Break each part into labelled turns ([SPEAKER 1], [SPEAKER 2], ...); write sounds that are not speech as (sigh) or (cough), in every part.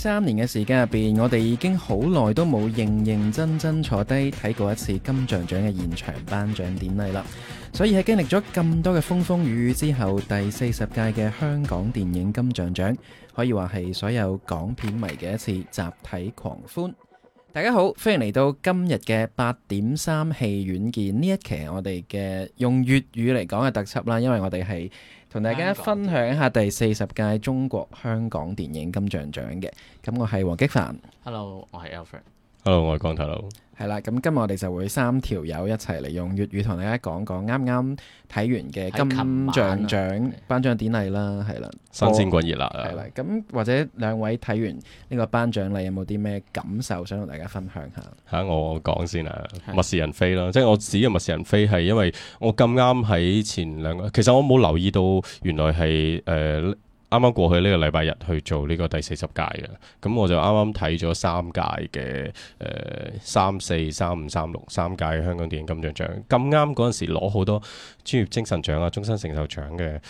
[SPEAKER 1] 三年嘅時間入邊，我哋已經好耐都冇認認真真坐低睇過一次金像獎嘅現場頒獎典禮啦。所以喺經歷咗咁多嘅風風雨雨之後，第四十屆嘅香港電影金像獎可以話係所有港片迷嘅一次集體狂歡。大家好，歡迎嚟到今日嘅八點三戲院見。呢一期我哋嘅用粵語嚟講嘅特輯啦，因為我哋係。同大家分享下第四十屆中國香港電影金像獎嘅，咁我係王擊凡
[SPEAKER 2] ，Hello，我係 Alfred。
[SPEAKER 1] hello，我係光頭佬。係啦，咁今日我哋就會三條友一齊嚟，用粵語同大家講講啱啱睇完嘅金像獎頒獎典禮啦，係啦，新鮮滾熱辣啊！係啦，咁或者兩位睇完呢個頒獎禮有冇啲咩感受想同大家分享下？
[SPEAKER 3] 吓，我講先啊，物是人非啦，即係我指嘅物是人非，係因為我咁啱喺前兩個，其實我冇留意到原來係誒。呃啱啱過去呢個禮拜日去做呢個第四十屆嘅，咁我就啱啱睇咗三屆嘅、呃、三四三五三六三屆香港電影金像獎，咁啱嗰陣時攞好多專業精神獎啊、終身成就獎嘅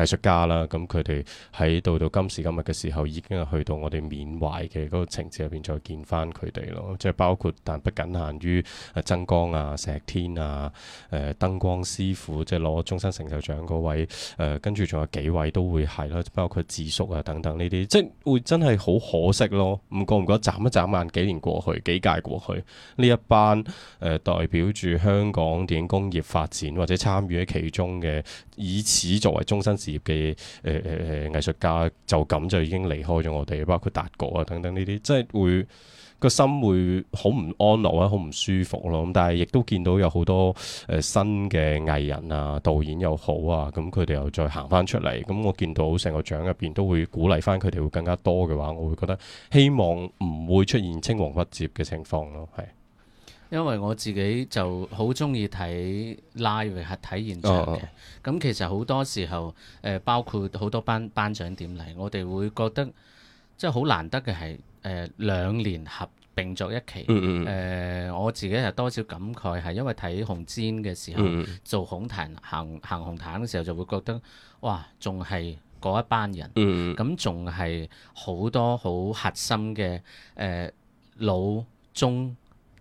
[SPEAKER 3] 藝術家啦，咁佢哋喺到到今時今日嘅時候，已經係去到我哋緬懷嘅嗰個情節入邊，再見翻佢哋咯。即係包括，但不僅限於曾江啊、石天啊、誒、呃、燈光師傅，即係攞終身成就獎嗰位誒，跟住仲有幾位都會係啦，包括智叔啊等等呢啲，即係會真係好可惜咯。唔覺唔覺眨一眨眼，幾年過去，幾屆過去，呢一班誒、呃、代表住香港電影工業發展或者參與喺其中嘅，以此作為終身事業嘅誒誒誒藝術家，就咁就已經離開咗我哋，包括達哥啊等等呢啲，即係會個心會好唔安樂啊，好唔舒服咯。咁但係亦都見到有好多誒、呃、新嘅藝人啊、導演又好啊，咁佢哋又再行翻出嚟。咁、嗯、我見到成個獎入邊都會鼓勵翻佢哋會更加多嘅話，我會覺得希望唔會出現青黃不接嘅情況咯，係。
[SPEAKER 2] 因為我自己就好鍾意睇 live 係睇現場嘅。咁、oh. 其實好多時候，誒、呃、包括好多班頒獎典禮，我哋會覺得即係好難得嘅係誒兩年合併作一期，誒、mm hmm. 呃、我自己係多少感慨係因為睇紅毯嘅時候，mm hmm. 做紅毯行行紅毯嘅時候就會覺得，哇，仲係嗰一班人，咁仲係好多好核心嘅誒、呃、老中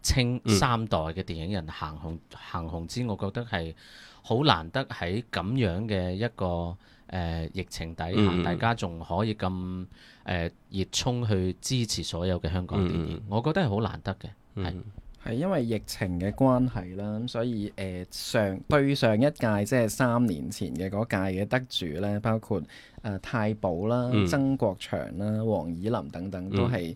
[SPEAKER 2] 清三代嘅電影人、嗯、行紅行紅之，我覺得係好難得喺咁樣嘅一個誒、呃、疫情底下，嗯、大家仲可以咁誒、呃、熱衷去支持所有嘅香港電影，嗯、我覺得係好難得嘅。係
[SPEAKER 1] 係、嗯、是因為疫情嘅關係啦，咁所以誒、呃、上對上一屆即係三年前嘅嗰屆嘅得主咧，包括誒太、呃、保啦、曾國祥啦、黃以林等等，都係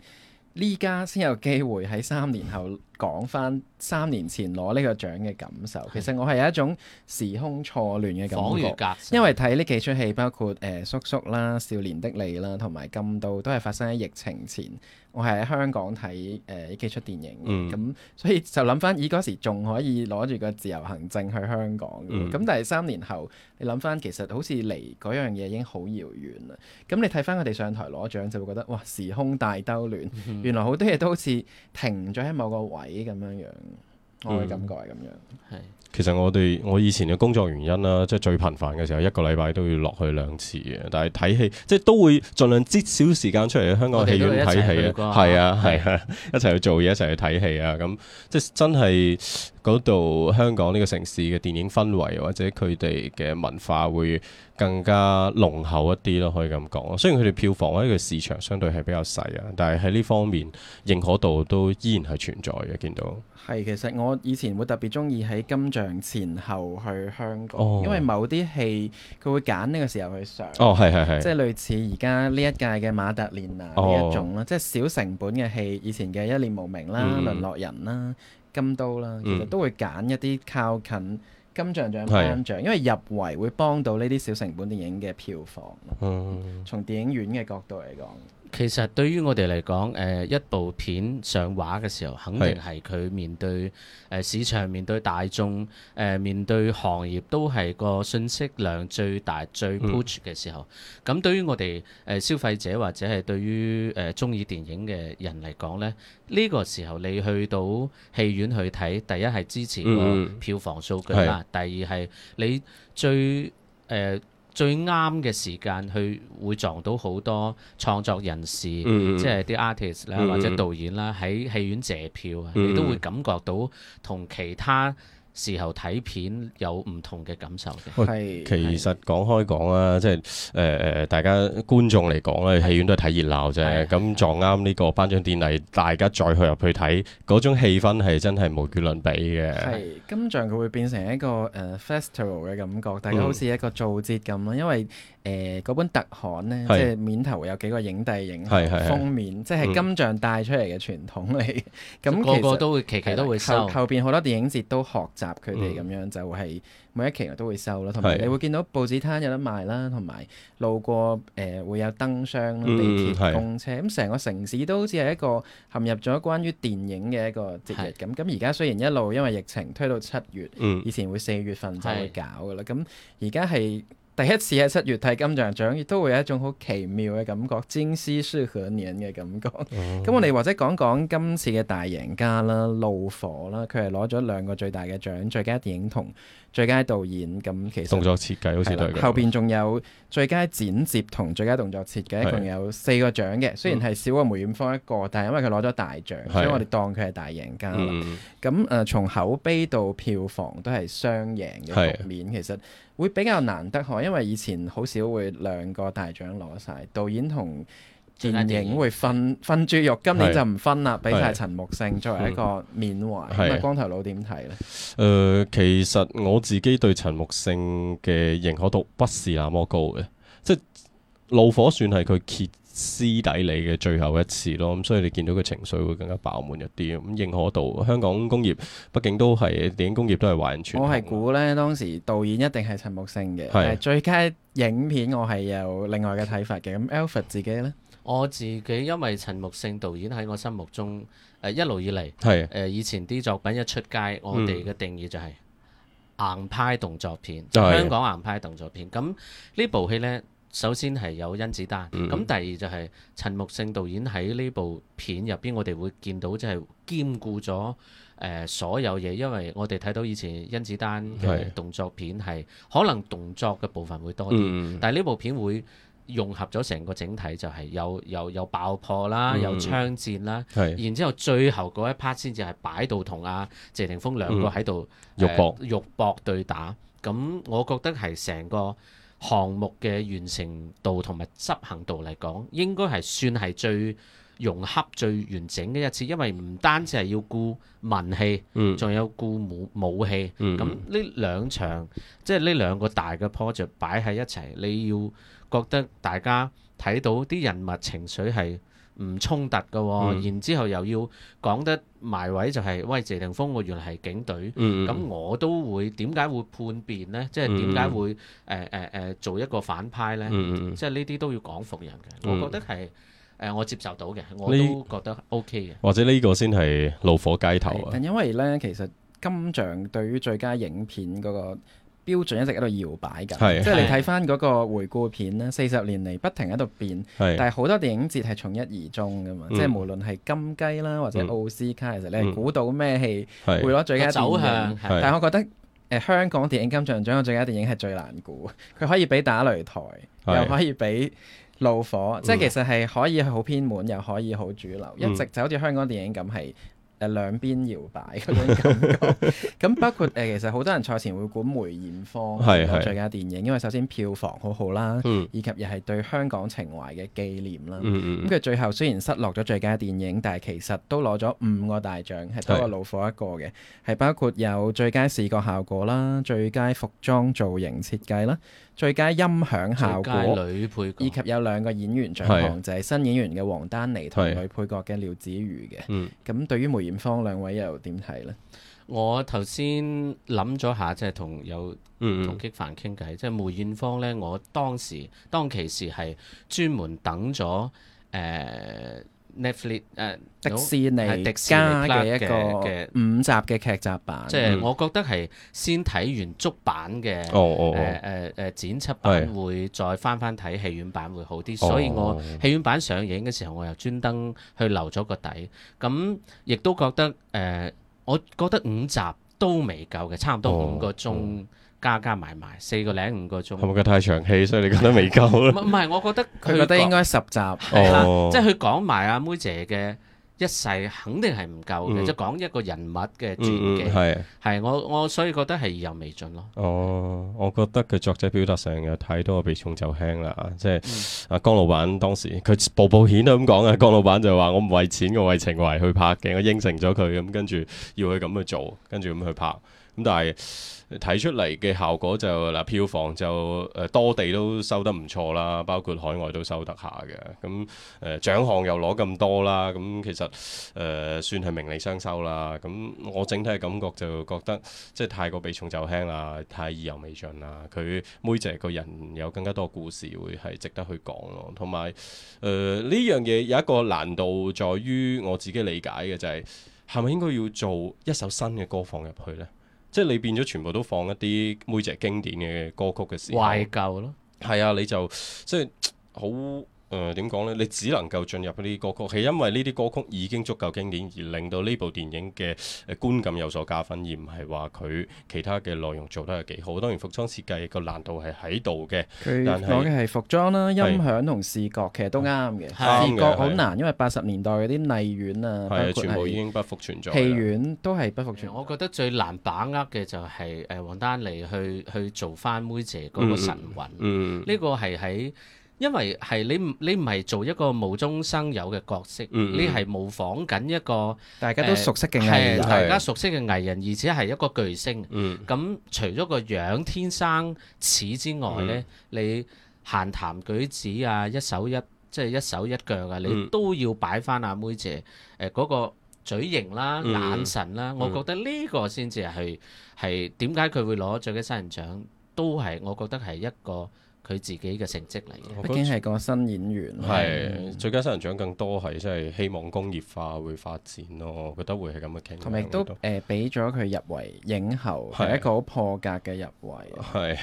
[SPEAKER 1] 呢家先有機會喺三年後，講翻三年前攞呢個獎嘅感受，其實我係有一種時空錯亂嘅感覺，因為睇呢幾出戲，包括誒、呃、叔叔啦、少年的你啦，同埋金都，都係發生喺疫情前。我係喺香港睇誒呢幾出電影，咁、嗯、所以就諗翻，咦嗰時仲可以攞住個自由行證去香港，咁、嗯、但係三年後，你諗翻其實好似離嗰樣嘢已經好遙遠啦。咁你睇翻佢哋上台攞獎，就會覺得哇，時空大兜亂，原來好多嘢都好似停咗喺某個位。咁樣樣，我嘅感覺係咁樣。係、嗯，
[SPEAKER 3] 其實我哋我以前嘅工作原因啦，即係最頻繁嘅時候，一個禮拜都要落去兩次嘅。但係睇戲，即係都會盡量節少時間出嚟香港戲院睇戲。係啊係啊，一齊去做嘢，一齊去睇戲啊。咁即係真係。嗰度香港呢個城市嘅電影氛圍或者佢哋嘅文化會更加濃厚一啲咯，可以咁講。雖然佢哋票房喺個市場相對係比較細啊，但係喺呢方面認可度都依然係存在嘅，見到。
[SPEAKER 1] 係，其實我以前會特別中意喺金像前後去香港，哦、因為某啲戲佢會揀呢個時候去上。哦，係係係。即係類似而家呢一屆嘅《馬特廉馬達·蓮娜》啊呢一種啦，哦、即係小成本嘅戲，以前嘅《一念無明》啦，嗯、《淪落人》啦。金刀啦，其實都會揀一啲靠近金像獎頒獎，是因為入圍會幫到呢啲小成本電影嘅票房。嗯、從電影院嘅角度嚟講。
[SPEAKER 2] 其實對於我哋嚟講，誒、呃、一部片上畫嘅時候，肯定係佢面對誒、呃、市場、面對大眾、誒、呃、面對行業都係個信息量最大、最 push 嘅時候。咁、嗯、對於我哋誒、呃、消費者或者係對於誒中意電影嘅人嚟講咧，呢、這個時候你去到戲院去睇，第一係支持個票房數據、嗯、啦，第二係你最誒。呃最啱嘅時間去會撞到好多創作人士，嗯、即係啲 artist 啦，嗯、或者導演啦，喺、嗯、戲院謝票啊，嗯、你都會感覺到同其他時候睇片有唔同嘅感受嘅。係其
[SPEAKER 3] 實講開講啦，即係誒誒，大家觀眾嚟講咧，戲院都係睇熱鬧啫。咁撞啱呢個頒獎典禮，大家再去入去睇，嗰種氣氛係真係無與倫比嘅。係，
[SPEAKER 1] 金像佢會變成一個誒、呃、Festival 嘅感覺，大家好似一個造節咁囉，因為。誒嗰本特刊呢，即係面頭有幾個影帝影後封面，即係金像帶出嚟嘅傳統嚟。咁個個都會期期都會收，後邊好多電影節都學習佢哋咁樣，就係每一期我都會收啦。同埋你會見到報紙攤有得賣啦，同埋路過誒會有燈箱、地鐵、公車，咁成個城市都好似係一個陷入咗關於電影嘅一個節日咁。咁而家雖然一路因為疫情推到七月，以前會四月份就會搞噶啦。咁而家係。第一次喺七月睇金像獎，亦都會有一種好奇妙嘅感覺，纖絲舒緩緊嘅感覺。咁、嗯、我哋或者講講今次嘅大贏家啦，怒火啦，佢係攞咗兩個最大嘅獎，最佳電影同最佳導演。咁其實動作設
[SPEAKER 3] 計好似對後邊
[SPEAKER 1] 仲有最佳剪接同最佳動作設計，一共是有四個獎嘅。雖然係少過梅豔芳一個，但係因為佢攞咗大獎，是所以我哋當佢係大贏家啦。咁誒、嗯呃，從口碑到票房都係雙贏嘅局面是，其實。會比較難得呵，因為以前好少會兩個大獎攞晒，導演同電影會分分豬肉，今年就唔分啦，俾晒陳木勝作為一個緬懷。咁啊的，光頭佬點睇呢？誒、呃，
[SPEAKER 3] 其實我自己對陳木勝嘅認可度不是那麼高嘅，即係怒火算係佢揭。私底裏嘅最後一次咯，咁所以你見到個情緒會更加飽滿一啲，咁認可度香港工業畢竟都係電影工業
[SPEAKER 1] 都係環全。我係估呢當時導演一定係陳木勝嘅，最佳影片我係有另外嘅睇法嘅。咁 Alfred 自己呢，
[SPEAKER 2] 我自己因為陳木勝導演喺我心目中誒一路以嚟誒以前啲作品一出街，我哋嘅定義就係硬派動作片，就係香港硬派動作片。咁呢部戲呢。首先係有甄子丹，咁、嗯、第二就係陳木勝導演喺呢部片入邊，我哋會見到即係兼顧咗誒、呃、所有嘢，因為我哋睇到以前甄子丹嘅動作片係是可能動作嘅部分會多啲，嗯、但係呢部片會融合咗成個整體就，就係有有有爆破啦，嗯、有槍戰啦，是然之後最後嗰一 part 先至係擺到同阿、啊、謝霆鋒兩個喺度肉搏肉搏對打，咁我覺得係成個項目嘅完成度同埋執行度嚟講，應該係算係最融洽、最完整嘅一次，因為唔單止係要顧文戲，仲有顧武武戲，嗯，咁呢兩場、嗯、即係呢兩個大嘅 project 擺喺一齊，你要覺得大家睇到啲人物情緒係。唔衝突嘅喎、哦，嗯、然之後又要講得埋位就係、是，喂，謝霆鋒我原來係警隊，咁、嗯、我都會點解會叛變呢？即係點解會誒誒誒做一個反派呢？嗯、即係呢啲都要講服人嘅，嗯、我覺得係誒、呃、我接受到嘅，我都覺得
[SPEAKER 1] OK 嘅。
[SPEAKER 3] 或者呢個先係怒火街頭啊！
[SPEAKER 1] 但因為呢，其實金像對於最佳影片嗰、那個，標準一直喺度搖擺㗎，是即係你睇翻嗰個回顧片咧，四十年嚟不停喺度變，是但係好多電影節係從一而終㗎嘛。嗯、即係無論係金雞啦或者奧斯卡，其實、嗯、你估到咩戲會攞最佳電影？是但係我覺得、呃、香港電影金像獎嘅最佳電影係最難估，佢可以俾打擂台，又可以俾怒火，是即係其實係可以好偏門，又可以好主流，嗯、一直就好似香港電影咁係。係兩邊搖擺嗰種感覺，咁 (laughs) (laughs) 包括誒、呃，其實好多人賽前會管梅艷芳係 (laughs) 最佳電影，因為首先票房好好啦，嗯、以及又係對香港情懷嘅紀念啦。咁佢、嗯嗯、最後雖然失落咗最佳電影，但係其實都攞咗五個大獎，係多過老火一個嘅，係是的 的包括有最佳視覺效果啦、最佳服裝造型設計啦。最佳音響效果，女配角以及有兩個演員獎項，就係是新演員嘅王丹妮同女配角嘅廖子妤嘅。咁是對於梅艷芳兩位又點睇呢？我頭先
[SPEAKER 2] 諗咗下，即係同有同、嗯、擊凡傾偈，即、就、係、是、梅艷芳呢。我當時當其時係專門等咗誒。呃 Netflix、uh，迪士尼加嘅一個嘅的
[SPEAKER 1] 五集嘅劇集版，即係我
[SPEAKER 2] 覺得係先睇完足版嘅，誒誒誒剪輯版會再翻翻睇，哦、戲院版會好啲，哦、所以我戲院版上映嘅時候，我又專登去留咗個底，咁亦都覺得誒、呃，我覺得五集都未夠嘅，差唔多五個鐘。嗯加加埋埋四個零五個鐘，係咪佢
[SPEAKER 3] 太長氣？ (laughs) 所以你覺得未
[SPEAKER 2] 夠咧？唔係， (laughs) 我覺得佢覺得應該十
[SPEAKER 1] 集係啦，即係佢
[SPEAKER 2] 講埋阿妹姐嘅一世，肯定係唔夠嘅，嗯、即係講一個人物嘅傳記，係係、嗯嗯，我我所以覺得係意猶未盡咯。
[SPEAKER 3] 哦，是我覺得佢作者表達上有太多避重就輕啦，即係阿、嗯啊、江老闆當時佢步步顯都咁講啊，江老闆就話我唔為錢，我為情懷去拍嘅，我應承咗佢咁，跟住要佢咁去做，跟住咁去拍，咁但係。但睇出嚟嘅效果就嗱，票房就誒、呃、多地都收得唔錯啦，包括海外都收得下嘅。咁誒獎項又攞咁多啦，咁、嗯、其實誒、呃、算係名利雙收啦。咁、嗯、我整體嘅感覺就覺得即係太過避重就輕啦，太意猶未盡啦。佢妹仔個人有更加多故事會係值得去講咯，同埋誒呢樣嘢有一個難度在於我自己理解嘅就係、是，係咪應該要做一首新嘅歌放入去咧？即係你變咗全部都放一啲梅姐經典嘅歌曲嘅時候，懷舊咯，係啊，你就即係好。誒點講呢？你只能夠進入呢啲歌曲，係因為呢啲歌曲已經足夠經典，而令到呢部電影嘅觀感有所加分，而唔係話佢其他嘅內容做得係幾好。當然服裝設計個難度係喺度嘅，他 但係講嘅係
[SPEAKER 1] 服裝啦、啊、是音響同視覺，其實都啱嘅。啊、視覺好難，是是因為八十年代嗰啲麗院啊，全部已經不復存在。戲院都係不復存在。
[SPEAKER 2] 我覺得最難把握嘅就係誒王丹妮去去做翻梅姐嗰個神韻，呢、嗯嗯、個係喺。因為係你你唔係做一個無中生有嘅角色，嗯、你係模仿緊一個大家都熟悉嘅藝人，呃、大家熟悉嘅藝人，是而且係一個巨星。咁、嗯、除咗個樣天生似之外呢、嗯、你閒談舉止啊，一手一即係、即係、一手一腳啊，你都要擺翻阿梅姐誒嗰、嗯呃嗰個嘴型啦、啊、眼神啦、啊，嗯、我覺得呢個先至係係點解佢會攞最佳新人獎，都係我覺得係一個。佢自己嘅成績嚟嘅，畢竟
[SPEAKER 1] 係個新演員。係是、嗯、
[SPEAKER 2] 最佳新人獎更多係即係希望工業
[SPEAKER 3] 化會發展咯，我覺得會係咁嘅傾向。同亦都
[SPEAKER 1] 誒俾咗佢入圍影后，係是一個好破格嘅入圍。
[SPEAKER 3] 係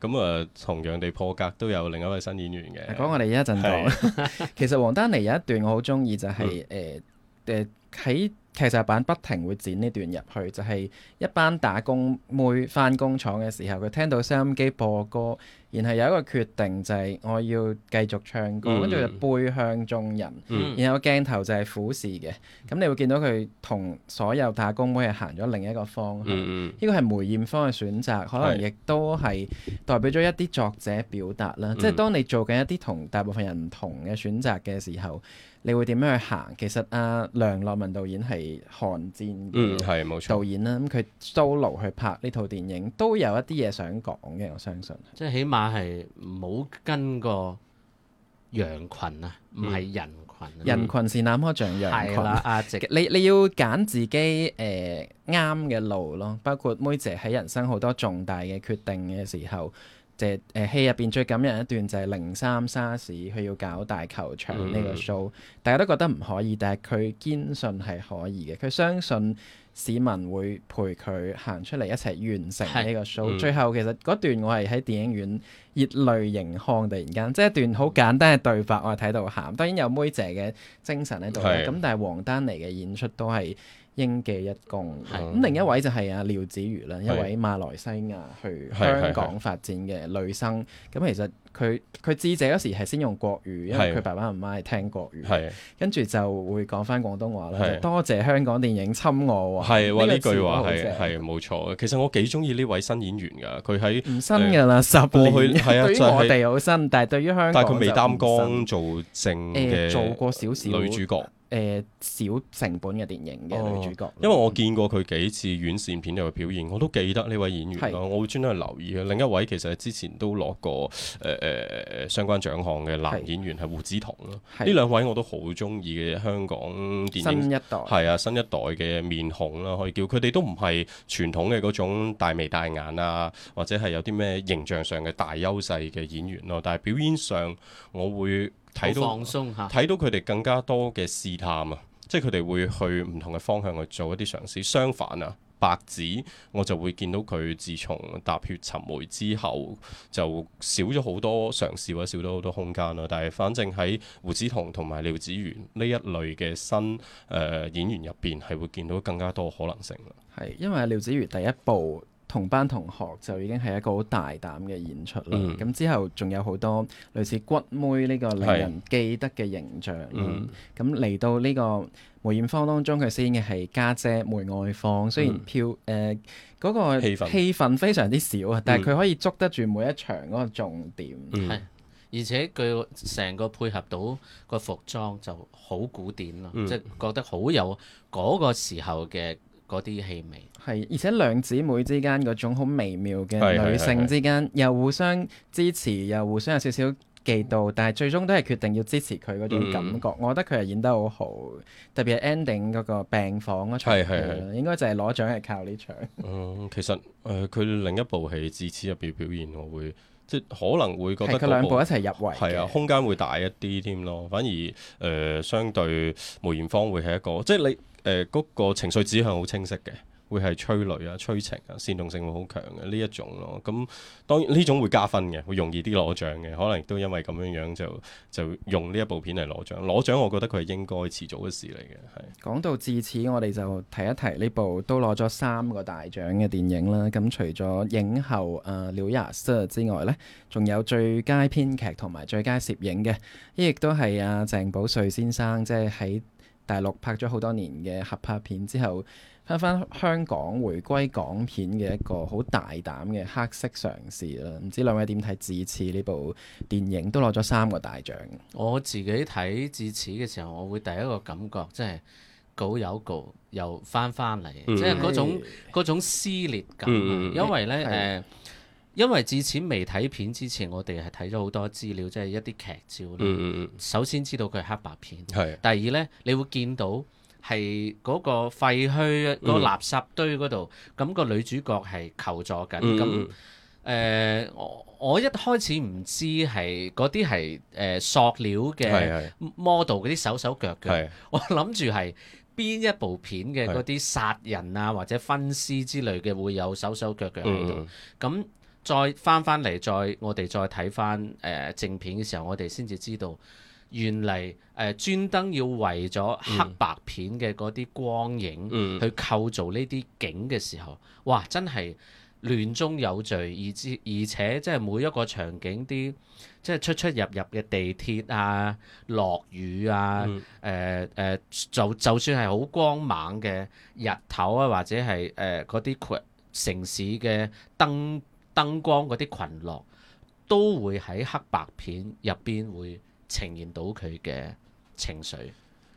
[SPEAKER 3] 咁啊， (laughs) 同樣地破格都有另一
[SPEAKER 1] 位新演員嘅。講我哋依家陣講，是 (laughs) 其實王丹妮有一段我好中意，就係誒誒喺劇集版不停會剪呢段入去，就係、是、一班打工妹翻工廠嘅時候，佢聽到收音機播歌。然後有一個決定就係我要繼續唱歌，跟住就背向眾人，嗯、然後鏡頭就係俯視嘅，咁、嗯、你會見到佢同所有打工妹係行咗另一個方向。呢、嗯、個係梅艷芳嘅選擇，可能亦都係代表咗一啲作者表達啦。是即係當你做緊一啲同大部分人唔同嘅選擇嘅時候。你會點樣去行？其實阿、啊、梁樂文導演係寒戰嗯係冇錯導演啦，咁佢 Solo 去拍呢套電影都有一啲嘢想講嘅，我相信。即係起碼係唔好跟個羊群啊，唔係人群、啊。嗯、人群是那麼像羊羣啊，阿姐。你你要揀自己誒啱嘅路咯。包括妹姐喺人生好多重大嘅決定嘅時候。就係、是呃、戲入邊最感人一段就係零三沙士，佢要搞大球場呢個 show、嗯。大家都覺得唔可以，但係佢堅信係可以嘅。佢相信市民會陪佢行出嚟一齊完成呢個 show。嗯、最後其實嗰段我係喺電影院熱淚盈眶，突然間即係一段好簡單嘅對白，我係睇到喊。當然有梅姐嘅精神喺度咁，但係王丹妮嘅演出都係。應記一功，咁的另一位就係啊廖子妤啦，的一位馬來西亞去香港發展嘅女生，咁其實。佢佢智者嗰時係先用國語，因為佢爸爸媽媽係聽國語，跟住就會講返廣東話啦。多謝香港電影侵我，係呢句話係
[SPEAKER 3] 冇錯。其實我幾中意呢位新演員㗎，佢喺唔新㗎啦，十幾年。係啊，對於我哋好新，但係
[SPEAKER 1] 對於香港，但係佢未擔綱做正嘅做過小視女主角，誒小成本嘅電影嘅女主角。
[SPEAKER 3] 因為我見過佢幾次遠線片嘅表現，我都記得呢位演員。我會專登去留意。另一位其實之前都攞過誒。誒，相關獎項嘅男演員係胡子彤。咯的，呢兩位我都好中意嘅香港電影新一代嘅面孔啦，可以叫佢哋都唔係傳統嘅嗰種大眉大眼啊，或者係有啲咩形象上嘅大優勢嘅演員咯，啊，但係表演上我會睇到放鬆吓，睇到佢哋更加多嘅試探啊，即係佢哋會去唔同嘅方向去做一啲嘗試，相反啊。白只，我就會見到佢自從踏血尋梅之後，就少咗好多嘗試或者少咗好多空間啦。但係反正喺胡子彤同埋廖子妤呢一類嘅新誒、呃、演員入邊，係會見到更加多可能性啦。
[SPEAKER 1] 係因為廖子妤第一部《同班同學》就已經係一個好大膽嘅演出啦。咁、嗯、之後仲有好多類似骨妹呢個令人記得嘅形象咁嚟、嗯、到呢、呢個梅艷芳當中，佢飾演嘅係家姐梅愛芳，雖然票誒嗰個氣氛非常之少啊，但係佢可以捉得住每一場嗰個重點，係、
[SPEAKER 2] 嗯、而且佢成個配合到個服裝就好古典咯，即係、嗯、覺得好有嗰個時候嘅嗰啲氣味。
[SPEAKER 1] 係而且兩姊妹之間嗰種好微妙嘅女性之間，又互相支持，又互相有少少。忌到，但係最終都係決定要支持佢嗰種感覺。嗯、我覺得佢係演得好好，特別係 ending 嗰個病房嗰場，應該就係攞獎係靠呢場。嗯，
[SPEAKER 3] 其實誒佢、呃、另一部戲《智齒》入邊表現，我會即可能會覺得佢兩部，部一齊入圍，係啊，空間會大一啲添咯。反而誒、呃，相對梅艷芳會係一個，即係你誒嗰、呃那個情緒指向好清晰嘅。會係催淚啊、催情啊、煽動性會好強嘅呢一種咯、啊。咁、嗯、當然呢種會加分嘅，會容易啲攞獎嘅。可能都因為咁樣樣就就用呢一部片嚟攞獎。攞獎我覺得佢係應該遲早嘅事嚟嘅。
[SPEAKER 1] 係講到至此，我哋就提一提呢部都攞咗三個大獎嘅電影啦。咁、嗯、除咗影后啊、呃，劉雅瑟之外呢，仲有最佳編劇同埋最佳攝影嘅。呢亦都係阿鄭保瑞先生即係喺大陸拍咗好多年嘅合拍片之後。睇翻香港回歸港片嘅一個好大膽嘅黑色嘗試啦，唔知兩位點睇《智齒》呢部電影都攞咗三個大獎？我自己睇《智齒》嘅時候，我會第一個感覺
[SPEAKER 2] 即係稿有稿又翻翻嚟，即係嗰種嗰種撕裂感。嗯、因為呢，誒是、呃，因為《智齒》未睇片之前，我哋係睇咗好多資料，即係一啲劇照、嗯、首先知道佢係黑白片。係是。是第二呢，你會見到。係嗰個廢墟、嗰個垃圾堆嗰度，咁、嗯、個女主角係求助緊。咁誒、嗯嗯，我、呃、我一開始唔知係嗰啲係誒塑料嘅 model 嗰啲手手腳腳。是是是我諗住係邊一部片嘅嗰啲殺人啊、是是或者分屍之類嘅會有手手腳腳喺度。咁、嗯嗯、再翻翻嚟，再我哋再睇翻誒正片嘅時候，我哋先至知道。原嚟誒專登要為咗黑白片嘅嗰啲光影，嗯、去構造呢啲景嘅時候，哇！真係亂中有序，而之而且即係每一個場景啲即係出出入入嘅地鐵啊，落雨啊，誒誒、嗯呃呃、就就算係好光猛嘅日頭啊，或者係誒嗰啲城市嘅燈燈光嗰啲群落，都會喺黑白片入邊會。呈現到佢嘅情緒，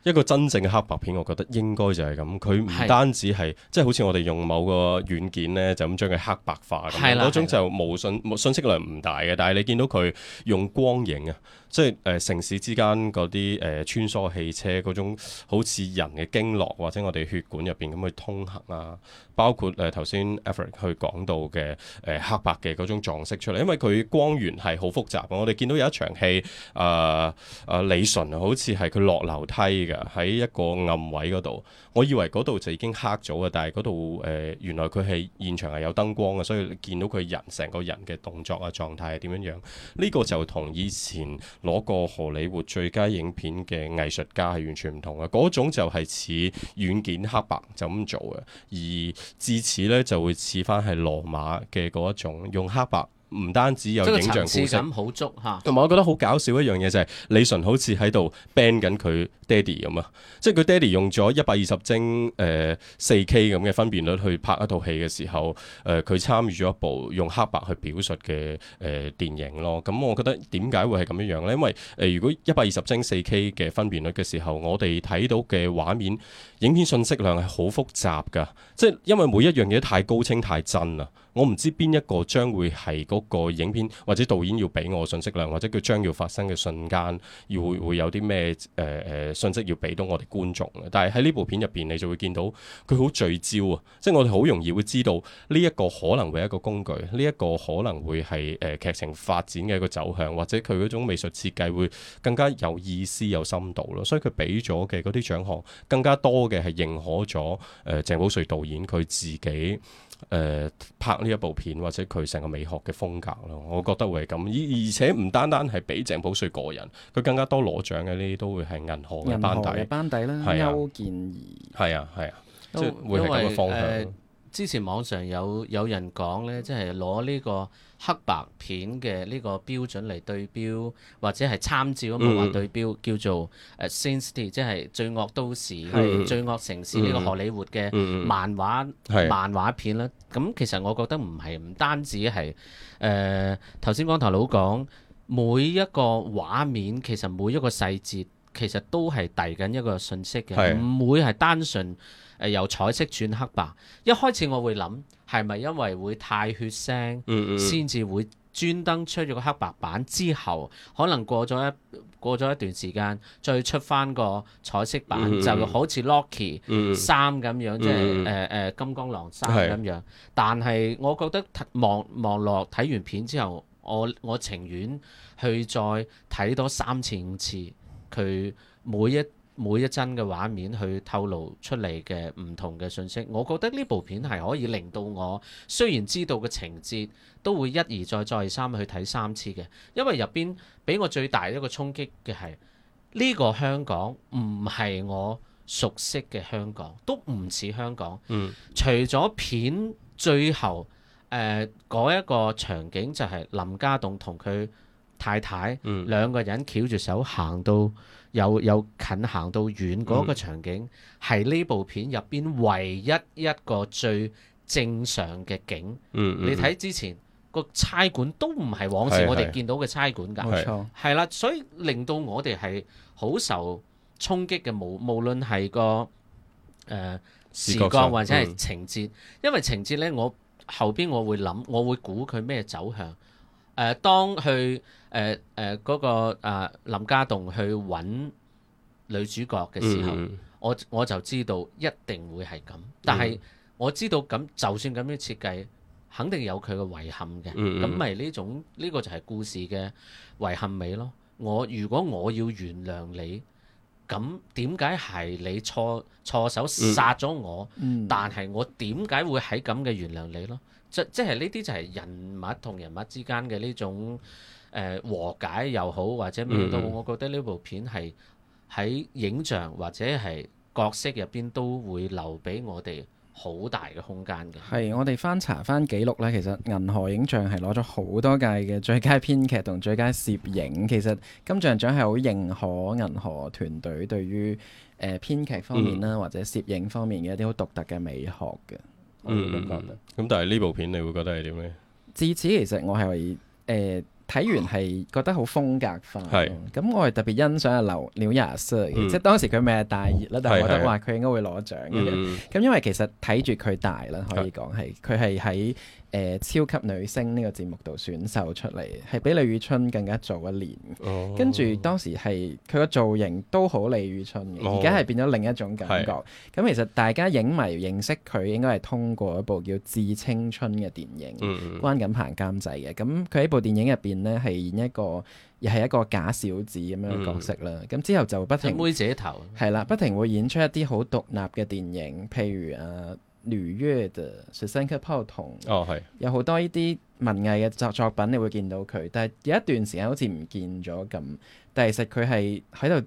[SPEAKER 3] 一個真正嘅黑白片，我覺得應該就係咁。佢唔單止係，的即係好似我哋用某個軟件呢，就咁將佢黑白化咁樣，嗰種就無信，的無信息量唔大嘅。但係你見到佢用光影啊！即係誒、呃、城市之間嗰啲誒穿梭汽車，嗰種好似人嘅經絡或者我哋血管入邊咁去通行啦、啊，包括誒頭先 Alfred 去講到嘅誒黑白嘅嗰種撞色出嚟，因為佢光源係好複雜。我哋見到有一場戲，誒、呃、誒、呃、李淳好似係佢落樓梯嘅喺一個暗位嗰度，我以為嗰度就已經黑咗嘅，但係嗰度誒原來佢係現場係有燈光嘅，所以見到佢人成個人嘅動作啊狀態係點樣樣。呢、這個就同以前。攞過荷里活最佳影片嘅藝術家係完全唔同嘅，嗰種就係似軟件黑白就咁做嘅，而至此呢就會似返係羅馬嘅嗰一種用黑白。唔單止有影像故事，層次感好
[SPEAKER 2] 足同埋，
[SPEAKER 3] 我覺得好搞笑一樣嘢就係李淳好似喺度 band 緊佢爹哋咁啊！即係佢爹哋用咗一百二十幀誒四 K 咁嘅分辨率去拍一套戲嘅時候，誒佢參與咗一部用黑白去表述嘅誒電影咯。咁我覺得點解會係咁樣樣呢？因為誒，如果一百二十幀四 K 嘅分辨率嘅時候，我哋睇到嘅畫面影片信息量係好複雜噶，即係因為每一樣嘢太高清太真啦。我唔知邊一個將會係嗰個影片或者導演要俾我信息量，或者佢將要發生嘅瞬間，要會會有啲咩誒誒信息要俾到我哋觀眾。但係喺呢部片入邊，你就會見到佢好聚焦啊！即係我哋好容易會知道呢一個可能會係一個工具，呢一個可能會係誒劇情發展嘅一個走向，或者佢嗰種美術設計會更加有意思、有深度咯。所以佢俾咗嘅嗰啲獎項，更加多嘅係認可咗誒、呃、鄭保瑞導演佢自己。誒、呃、拍呢一部片或者佢成個美學嘅風格咯，我覺得會係咁，而而且唔單單係俾鄭保瑞個人，佢更加多攞獎嘅呢，都會係銀河嘅班底，銀河嘅班
[SPEAKER 1] 底啦，歐
[SPEAKER 3] 健兒，係啊係啊，都、啊啊啊、會係咁嘅方向、呃。
[SPEAKER 2] 之前網上有有人講咧，即係攞呢個。黑白片嘅呢個標準嚟對標，或者係參照啊漫畫對標，嗯、叫做誒《Sin City》，即係《罪惡都市》是、《罪惡城市》呢、嗯、個荷里活嘅漫畫、嗯嗯、漫畫片啦。咁是其實我覺得唔係唔單止係誒頭先光頭佬講，每一個畫面其實每一個細節其實都係遞緊一個信息嘅，唔是會係單純。誒由彩色轉黑白，一開始我會諗係咪因為會太血腥，先至會專登出咗個黑白版。之後可能過咗一過咗一段時間，再出翻個彩色版，嗯、就好似 Logan 三咁、嗯、樣，嗯嗯、即係誒誒金剛狼三咁樣。是但係我覺得望望落睇完片之後，我我情願去再睇多三次五次，佢每一每一幀嘅畫面去透露出嚟嘅唔同嘅信息，我覺得呢部片係可以令到我雖然知道嘅情節都會一而再再而三去睇三次嘅，因為入邊俾我最大一個衝擊嘅係呢個香港唔係我熟悉嘅香港，都唔似香港。嗯，除咗片最後誒嗰、呃、一個場景就係林家棟同佢太太兩、嗯、個人翹住手行到。有有近行到遠嗰一個場景，係呢、嗯、部片入邊唯一一個最正常嘅景。嗯嗯、你睇之前個差館都唔係往時我哋見到嘅差館㗎，係啦，所以令到我哋係好受衝擊嘅。無無論係個誒、呃、時間或者係情節，嗯、因為情節呢，我後邊我會諗，我會估佢咩走向。誒、呃，當佢去，去誒誒，嗰、呃呃嗰個、呃、林家棟去揾女主角嘅時候，嗯、我我就知道一定會係咁。但係我知道咁，就算咁樣設計，肯定有佢嘅遺憾嘅。咁咪呢種呢、呢個就係故事嘅遺憾美咯。我如果我要原諒你，咁點解係你錯錯手殺咗我？嗯、但係我點解會喺咁嘅原諒你咯？即即係呢啲就係、就係、人物同人物之間嘅呢種。誒、呃、和解又好，或者美到，嗯、我覺得呢部片係喺影像或者係角色入邊都會留俾我哋好大嘅空間嘅。
[SPEAKER 1] 係，我哋翻查翻記錄呢，其實銀河影像係攞咗好多屆嘅最佳編劇同最佳攝影。其實金像獎係好認可銀河團隊對於誒、呃、編劇方面啦，嗯、或者攝影方面嘅一啲好獨特嘅美學嘅、嗯。嗯，咁覺得。
[SPEAKER 3] 咁但係呢部片你會覺得係點呢？
[SPEAKER 1] 至此其實我係誒。呃睇完係覺得好風格化，咁是我係特別欣賞阿劉雅瑟，嗯、 即係當時佢未係大熱啦，嗯、但係我覺得話，佢應該會攞獎嘅。咁、嗯、因為其實睇住佢大啦，可以講係佢係喺。是呃、超級女聲呢個節目度選秀出嚟，係比李宇春更加早一年。哦、跟住當時係佢個造型都好李宇春嘅，而家係變咗另一種感覺。咁其實大家影迷認識佢應該係通過一部叫《致青春》嘅電影，嗯、關錦鵬監製嘅。咁佢喺部電影入邊呢，係演一個，又係一個假小子咁樣嘅角色啦。咁、嗯嗯、之後就不停，妹姐頭係啦，不停會演出一啲好獨立嘅電影，譬如誒、啊。呂越的、哦《新加坡》同哦係，有好多呢啲文藝嘅作作品，你會見到佢。但係有一段時間好似唔見咗咁，但係其實佢係喺度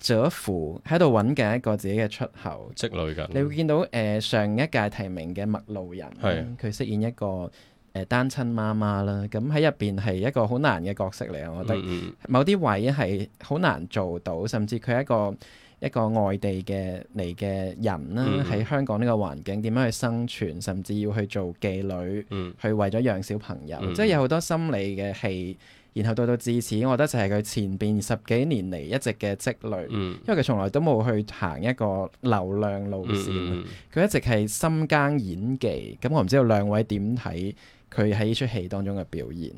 [SPEAKER 1] 蟄伏，喺度揾緊一個自己嘅出口，積累緊。你會見到誒、呃，上一屆提名嘅麥路人，佢飾演一個誒、呃，單親媽媽啦。咁喺入邊係一個好難嘅角色嚟，我覺得某啲位係好難做到，嗯嗯甚至佢係一個。一個外地嘅嚟嘅人啦，喺、嗯、香港呢個環境點樣去生存，甚至要去做妓女，嗯、去為咗養小朋友，嗯、即係有好多心理嘅戲。然後到到至此，我覺得就係佢前邊十幾年嚟一直嘅積累，嗯、因為佢從來都冇去行一個流量路線，佢、嗯嗯嗯、一直係深耕演技。咁我唔知道兩位點睇佢喺呢出戲當中嘅表現。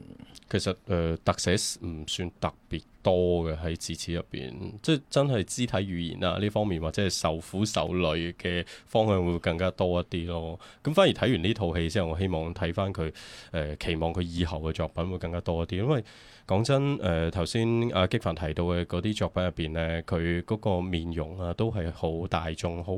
[SPEAKER 3] 其實誒、呃，特寫唔算特別。多嘅喺字詞入邊，即係真係肢體語言啊，呢方面或者係受苦受累嘅方向會更加多一啲咯。咁反而睇完呢套戲之後，我希望睇翻佢，呃，期望佢以後嘅作品會更加多一啲，因為。講真，誒頭先阿擊凡提到嘅嗰啲作品入邊咧，佢嗰個面容啊，都係好大眾，好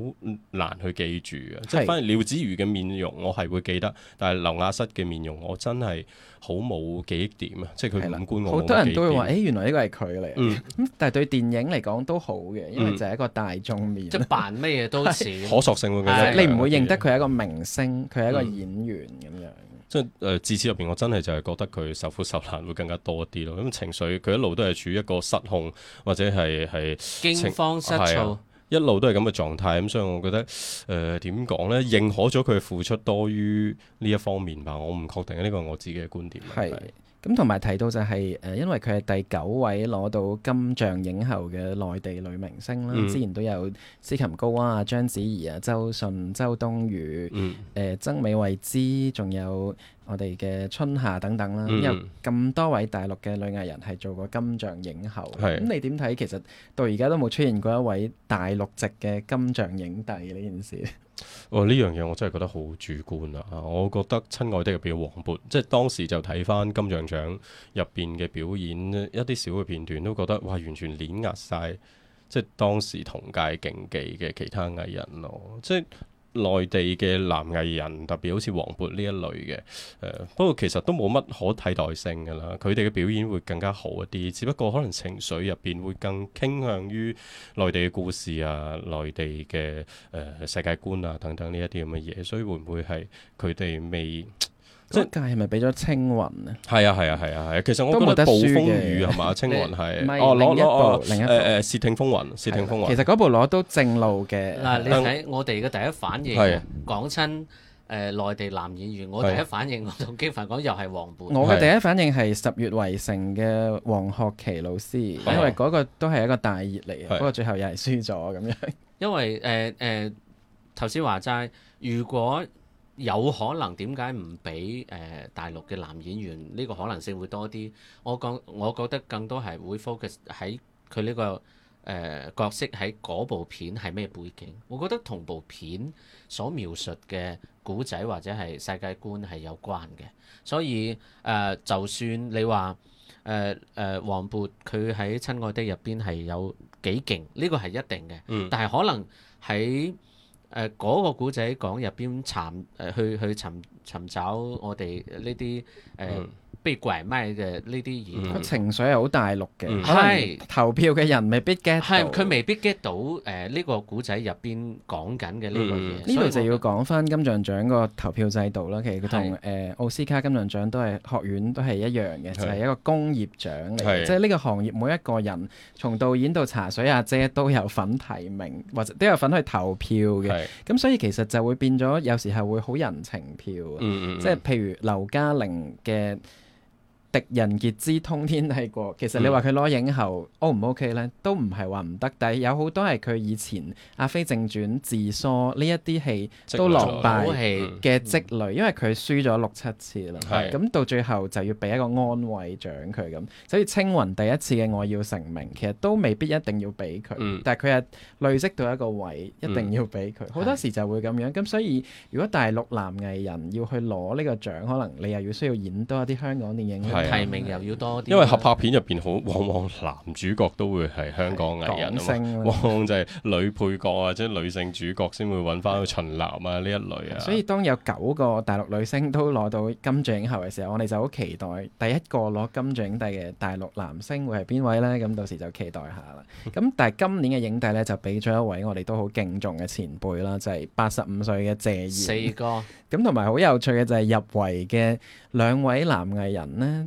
[SPEAKER 3] 難去記住嘅。即係反而廖子妤嘅面容，我係會記得，但係劉雅瑟嘅面容，我真係好冇記憶點啊！即係佢五官，好多人都會話，誒
[SPEAKER 1] 原來呢個係佢嚟，但係對電影嚟講都好嘅，因為就係一個大眾面，即係扮咩嘢都似，可塑性會強。你唔會認得佢係一個明星，佢係一個演員咁樣。
[SPEAKER 3] 即係誒，至此入邊，我真係就係覺得佢受苦受難會更加多啲咯。咁、嗯、情緒，佢一路都係處於一個失控或者係係驚慌失措，啊一路都係咁嘅狀態，咁所以我覺得，誒點講呢？認可咗佢付出多於呢一方面吧，我唔確定啊，呢個係我自己嘅觀點。係是。
[SPEAKER 1] 咁同埋提到就係、是，誒、呃、因為佢係第九位攞到金像影后嘅內地女明星啦，之前、嗯、都有斯琴高娃啊、章子怡啊、周迅、周冬雨、誒、嗯呃、曾美慧孜，仲有。我哋嘅春夏等等啦，因為咁多位大陸嘅女藝人係做過金像影后，咁、嗯、你點睇？其實到而家都冇出現過一位大陸籍嘅金像影帝呢件事。
[SPEAKER 3] 哦，呢樣嘢我真係覺得好主觀啦、啊。我覺得親愛的入邊黃渤，即係當時就睇翻金像獎入邊嘅表演，一啲小嘅片段都覺得哇，完全碾壓晒，即係當時同屆競技嘅其他藝人咯、啊。即係。內地嘅男藝人，特別好似黃渤呢一類嘅，呃、不過其實都冇乜可替代性㗎啦。佢哋嘅表演會更加好一啲，只不過可能情緒入邊會更傾向於內地嘅故事啊、內地嘅、呃、世界觀啊等等呢一啲咁嘅嘢，所以會唔會係佢哋未？
[SPEAKER 1] 即係，係咪俾咗青雲啊？
[SPEAKER 3] 係啊，係啊，係啊，係。其實都我覺得暴風雨係嘛，青雲係哦，攞攞攞，另一部，另一部，誒誒，《竊聽風雲》，《竊聽風雲》。其實嗰
[SPEAKER 1] 部攞都正路嘅。嗱，你睇
[SPEAKER 2] 我哋嘅第一反應，係啊，講親誒內地男演員，我第一反應我同基凡講又係黃渤。我嘅第一
[SPEAKER 1] 反應係十月圍城嘅王學圻老師，因為嗰個都係一個大熱嚟嘅，不過最後又係輸咗咁樣。
[SPEAKER 2] 因為誒誒，頭先話齋，如果有可能點解唔俾誒大陸嘅男演員，呢個可能性會多啲？我講我覺得更多係會 focus 喺佢呢個誒角色喺嗰部片係咩背景，我覺得同部片所描述嘅古仔或者係世界觀係有關嘅。所以誒，就算你話誒誒黃渤佢喺《親愛的》入邊係有幾勁，呢個係一定嘅。嗯。但係可能喺誒，嗰個古仔講入邊尋誒去去尋尋找我哋呢啲誒，被拐賣嘅呢啲嘢，佢情
[SPEAKER 1] 緒係好大陸嘅。係投票嘅人未必 get 到，係佢
[SPEAKER 2] 未必 get 到誒呢個古仔入邊講緊嘅呢個嘢。呢度就要
[SPEAKER 1] 講翻金像獎個投票制度啦。其實佢同誒奧斯卡金像獎都係學院都係一樣嘅，就係一個工業獎嚟。即係呢個行業每一個人，從導演到茶水阿姐都有份提名，或者都有份去投票嘅。咁所以其實就會變咗，有時候會好人情票。即係譬如劉嘉玲嘅。狄仁傑之通天帝國，其實你話佢攞影後 O 唔 O K 咧，都唔係話唔得，但係有好多係佢以前《阿飛正傳》、《自梳》呢一啲戲都落敗嘅積累，嗯、因為佢輸咗六七次啦。咁、嗯、到最後就要俾一個安慰獎佢咁，所以青雲第一次嘅我要成名，其實都未必一定要俾佢，嗯、但係佢係累積到一個位，一定要俾佢。好、嗯、多時就會咁樣，咁、嗯、所以如果大陸男藝人要去攞呢個獎，可能你又要需要演多一啲香港電影。提名又要多啲，因為合
[SPEAKER 3] 拍片入邊好往往男主角都會係香港藝人星，往往就係女配角啊，即係女性主角先會揾翻去巡男啊呢一類啊。所
[SPEAKER 1] 以當有九個大陸女星都攞到金像影后嘅時候，我哋就好期待第一個攞金像影帝嘅大陸男星會係邊位呢？咁到時就期待下啦。咁但係今年嘅影帝呢，就俾咗一位我哋都好敬重嘅前輩啦，就係八十五歲嘅謝賢。四哥。咁同埋好有趣嘅就係入圍嘅兩位男藝人呢。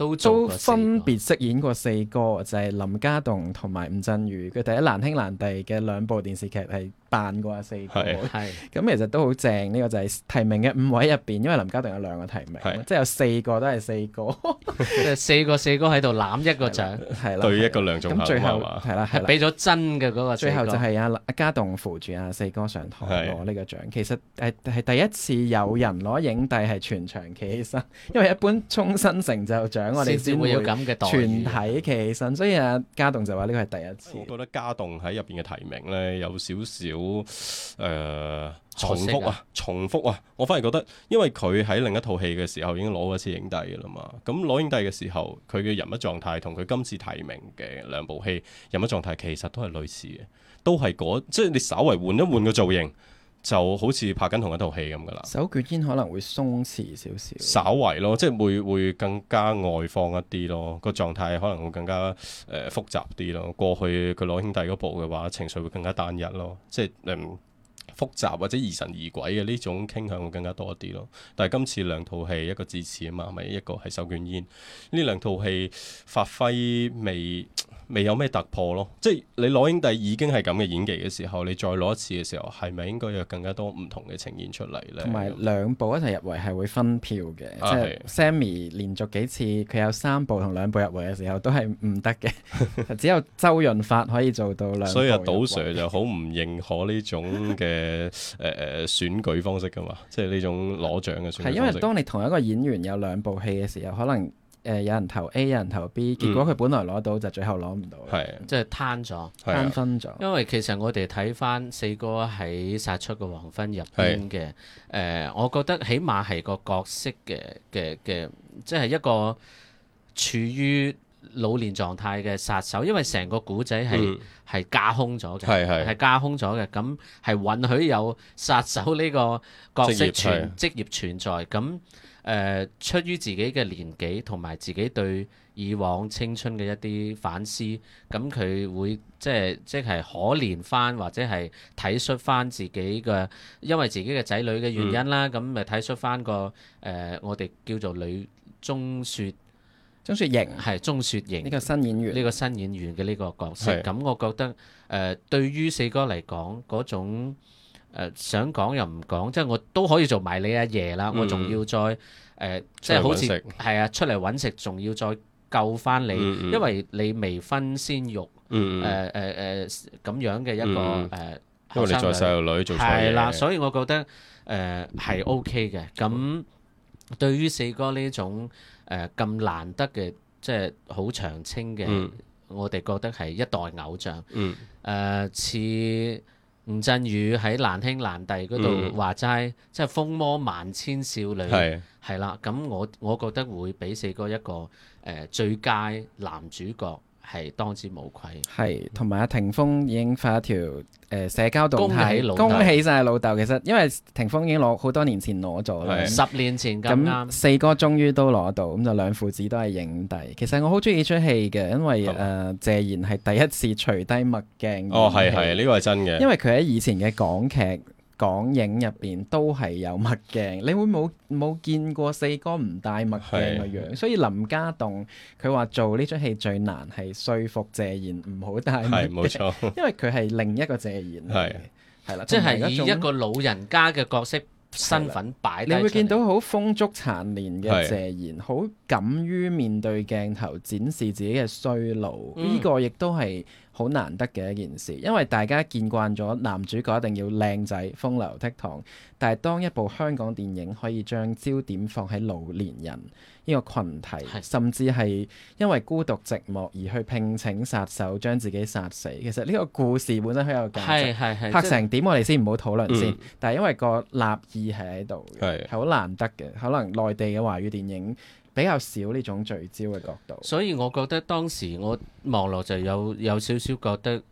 [SPEAKER 1] 都，都分別飾演過四哥，就係、是、林家棟同埋吳鎮宇。佢第一難兄難弟嘅兩部電視劇係扮過阿四哥，係咁是、嗯、其實都好正。呢、這個就係提名嘅五位入邊，因為林家棟有兩個提名，是即係有四個都係四哥，
[SPEAKER 2] (laughs) 四個四哥喺度攬一個獎，係啦， (laughs) 對一個兩種。咁最後係啦，係俾咗
[SPEAKER 1] 真嘅嗰個。最後就係阿阿家棟扶住阿四哥上台攞呢個獎。是其實係係第一次有人攞影帝係全場企起身， (laughs) 因為一般終身成就獎。我哋先會有咁嘅待遇。全體其實。所以阿家棟就話呢個係第一次。
[SPEAKER 3] 我覺得家棟喺入邊嘅提名咧，有少少誒重複啊，重複啊重複。我反而覺得，因為佢喺另一套戲嘅時候已經攞一次影帝啦嘛。咁攞影帝嘅時候，佢嘅人物狀態同佢今次提名嘅兩部戲人物狀態其實都係類似嘅，都係嗰即係你稍為換一換個造型。就好似拍緊同一套戲咁噶啦，
[SPEAKER 1] 手捲煙可能會鬆弛少少，
[SPEAKER 3] 稍微咯，即係會會更加外放一啲咯，個狀態可能會更加誒、呃、複雜啲咯。過去佢攞兄弟嗰部嘅話，情緒會更加單一咯，即係你。嗯。.複雜或者疑神疑鬼嘅呢種傾向會更加多啲咯。但係今次兩套戲一個智齒啊嘛，咪一個係手捲煙呢，兩套戲發揮未未有咩突破咯。即係你攞兄弟已經係咁嘅演技嘅時候，你再攞一次嘅時候，係咪應該有更加多唔同嘅呈現出嚟呢？同埋
[SPEAKER 1] 兩部一齊入圍係會分票嘅，啊、即係是 Sammy、啊、連續幾次佢有三部同兩部入圍嘅時候都係唔得嘅， (laughs) 只有周潤發可以做到兩部。所以啊，杜 Sir
[SPEAKER 3] 就好唔認可呢種嘅。 (laughs) (laughs) 誒誒誒選舉方式噶嘛，即係呢種攞獎嘅選舉，係，因為當
[SPEAKER 1] 你同一個演員有兩部戲嘅時候，可能誒、呃、有人投 A，有人投 B，結果佢本來攞到、嗯、就最後攞唔到，
[SPEAKER 2] 係、嗯、即係攤咗，攤分咗。的因為其實我哋睇翻四哥喺《殺出個黃昏》入邊嘅，誒、呃，我覺得起碼係個角色嘅嘅嘅，即係、就是、一個處於。老年狀態嘅殺手，因為成個古仔係係架空咗嘅，係係架空咗嘅，咁係允許有殺手呢個角色存職、職業存在。咁誒、呃，出於自己嘅年紀同埋自己對以往青春嘅一啲反思，咁佢會即係即係可憐翻，或者係體恤翻自己嘅，因為自己嘅仔女嘅原因啦，咁咪、嗯、體恤翻個誒、呃，我哋叫做女中雪。鍾雪瑩係鍾雪瑩呢個新演員，呢個新演員嘅呢個角色，咁我覺得誒，對於四哥嚟講，嗰種誒想講又唔講，即係我都可以做埋你阿爺啦，我仲要再誒，即係好似係啊，出嚟搵食，仲要再救翻你，因為你未婚先育，誒誒誒咁樣嘅一個誒，因為你做細路女做衰嘢，係啦，所以我覺得誒係 OK 嘅。咁對於四哥呢種。誒咁、呃、難得嘅，即係好長青嘅，嗯、我哋覺得係一代偶像。誒、嗯呃，似吳鎮宇喺《難兄難弟》嗰度話齋，即係風魔萬千少女係是啦。咁我我覺得會俾四哥一個誒、呃、最佳男主角。係當之無愧，
[SPEAKER 1] 係同埋阿霆鋒已經發一條誒、呃、社交動態，恭喜晒老豆。其實因為霆鋒已經攞好多年前攞咗啦，的十
[SPEAKER 2] 年前咁啱
[SPEAKER 1] 四哥終於都攞到，咁就兩父子都係影帝。其實我好中意出戲嘅，因為誒好、呃、謝賢係第一次除低墨鏡。哦，係係，
[SPEAKER 3] 呢個係真嘅。因為佢
[SPEAKER 1] 喺以前嘅港劇，港影入邊都係有墨鏡，你會冇冇見過四哥唔戴墨鏡嘅樣？的所以林家棟佢話做呢出戲最難係説服謝賢唔好戴墨鏡，因為佢係另一個謝賢，係啦的，即係以一
[SPEAKER 2] 個老人家嘅角色的身份擺。你會見
[SPEAKER 1] 到好風燭殘年嘅謝賢，好的敢於面對鏡頭展示自己嘅衰老，呢、嗯、個亦都係。好難得嘅一件事，因為大家見慣咗男主角一定要靚仔風流倜儻。但係當一部香港電影可以將焦點放喺老年人呢個群體，是甚至係因為孤獨寂寞而去聘請殺手將自己殺死，其實呢個故事本身好有價值，是是是拍成點我哋先唔好討論先，是是嗯、但係因為個立意係喺度，係好是難得嘅，可能內地嘅華語電影。比較少呢種聚焦嘅角度，
[SPEAKER 2] 所以我覺得當時我望落就有有少少覺得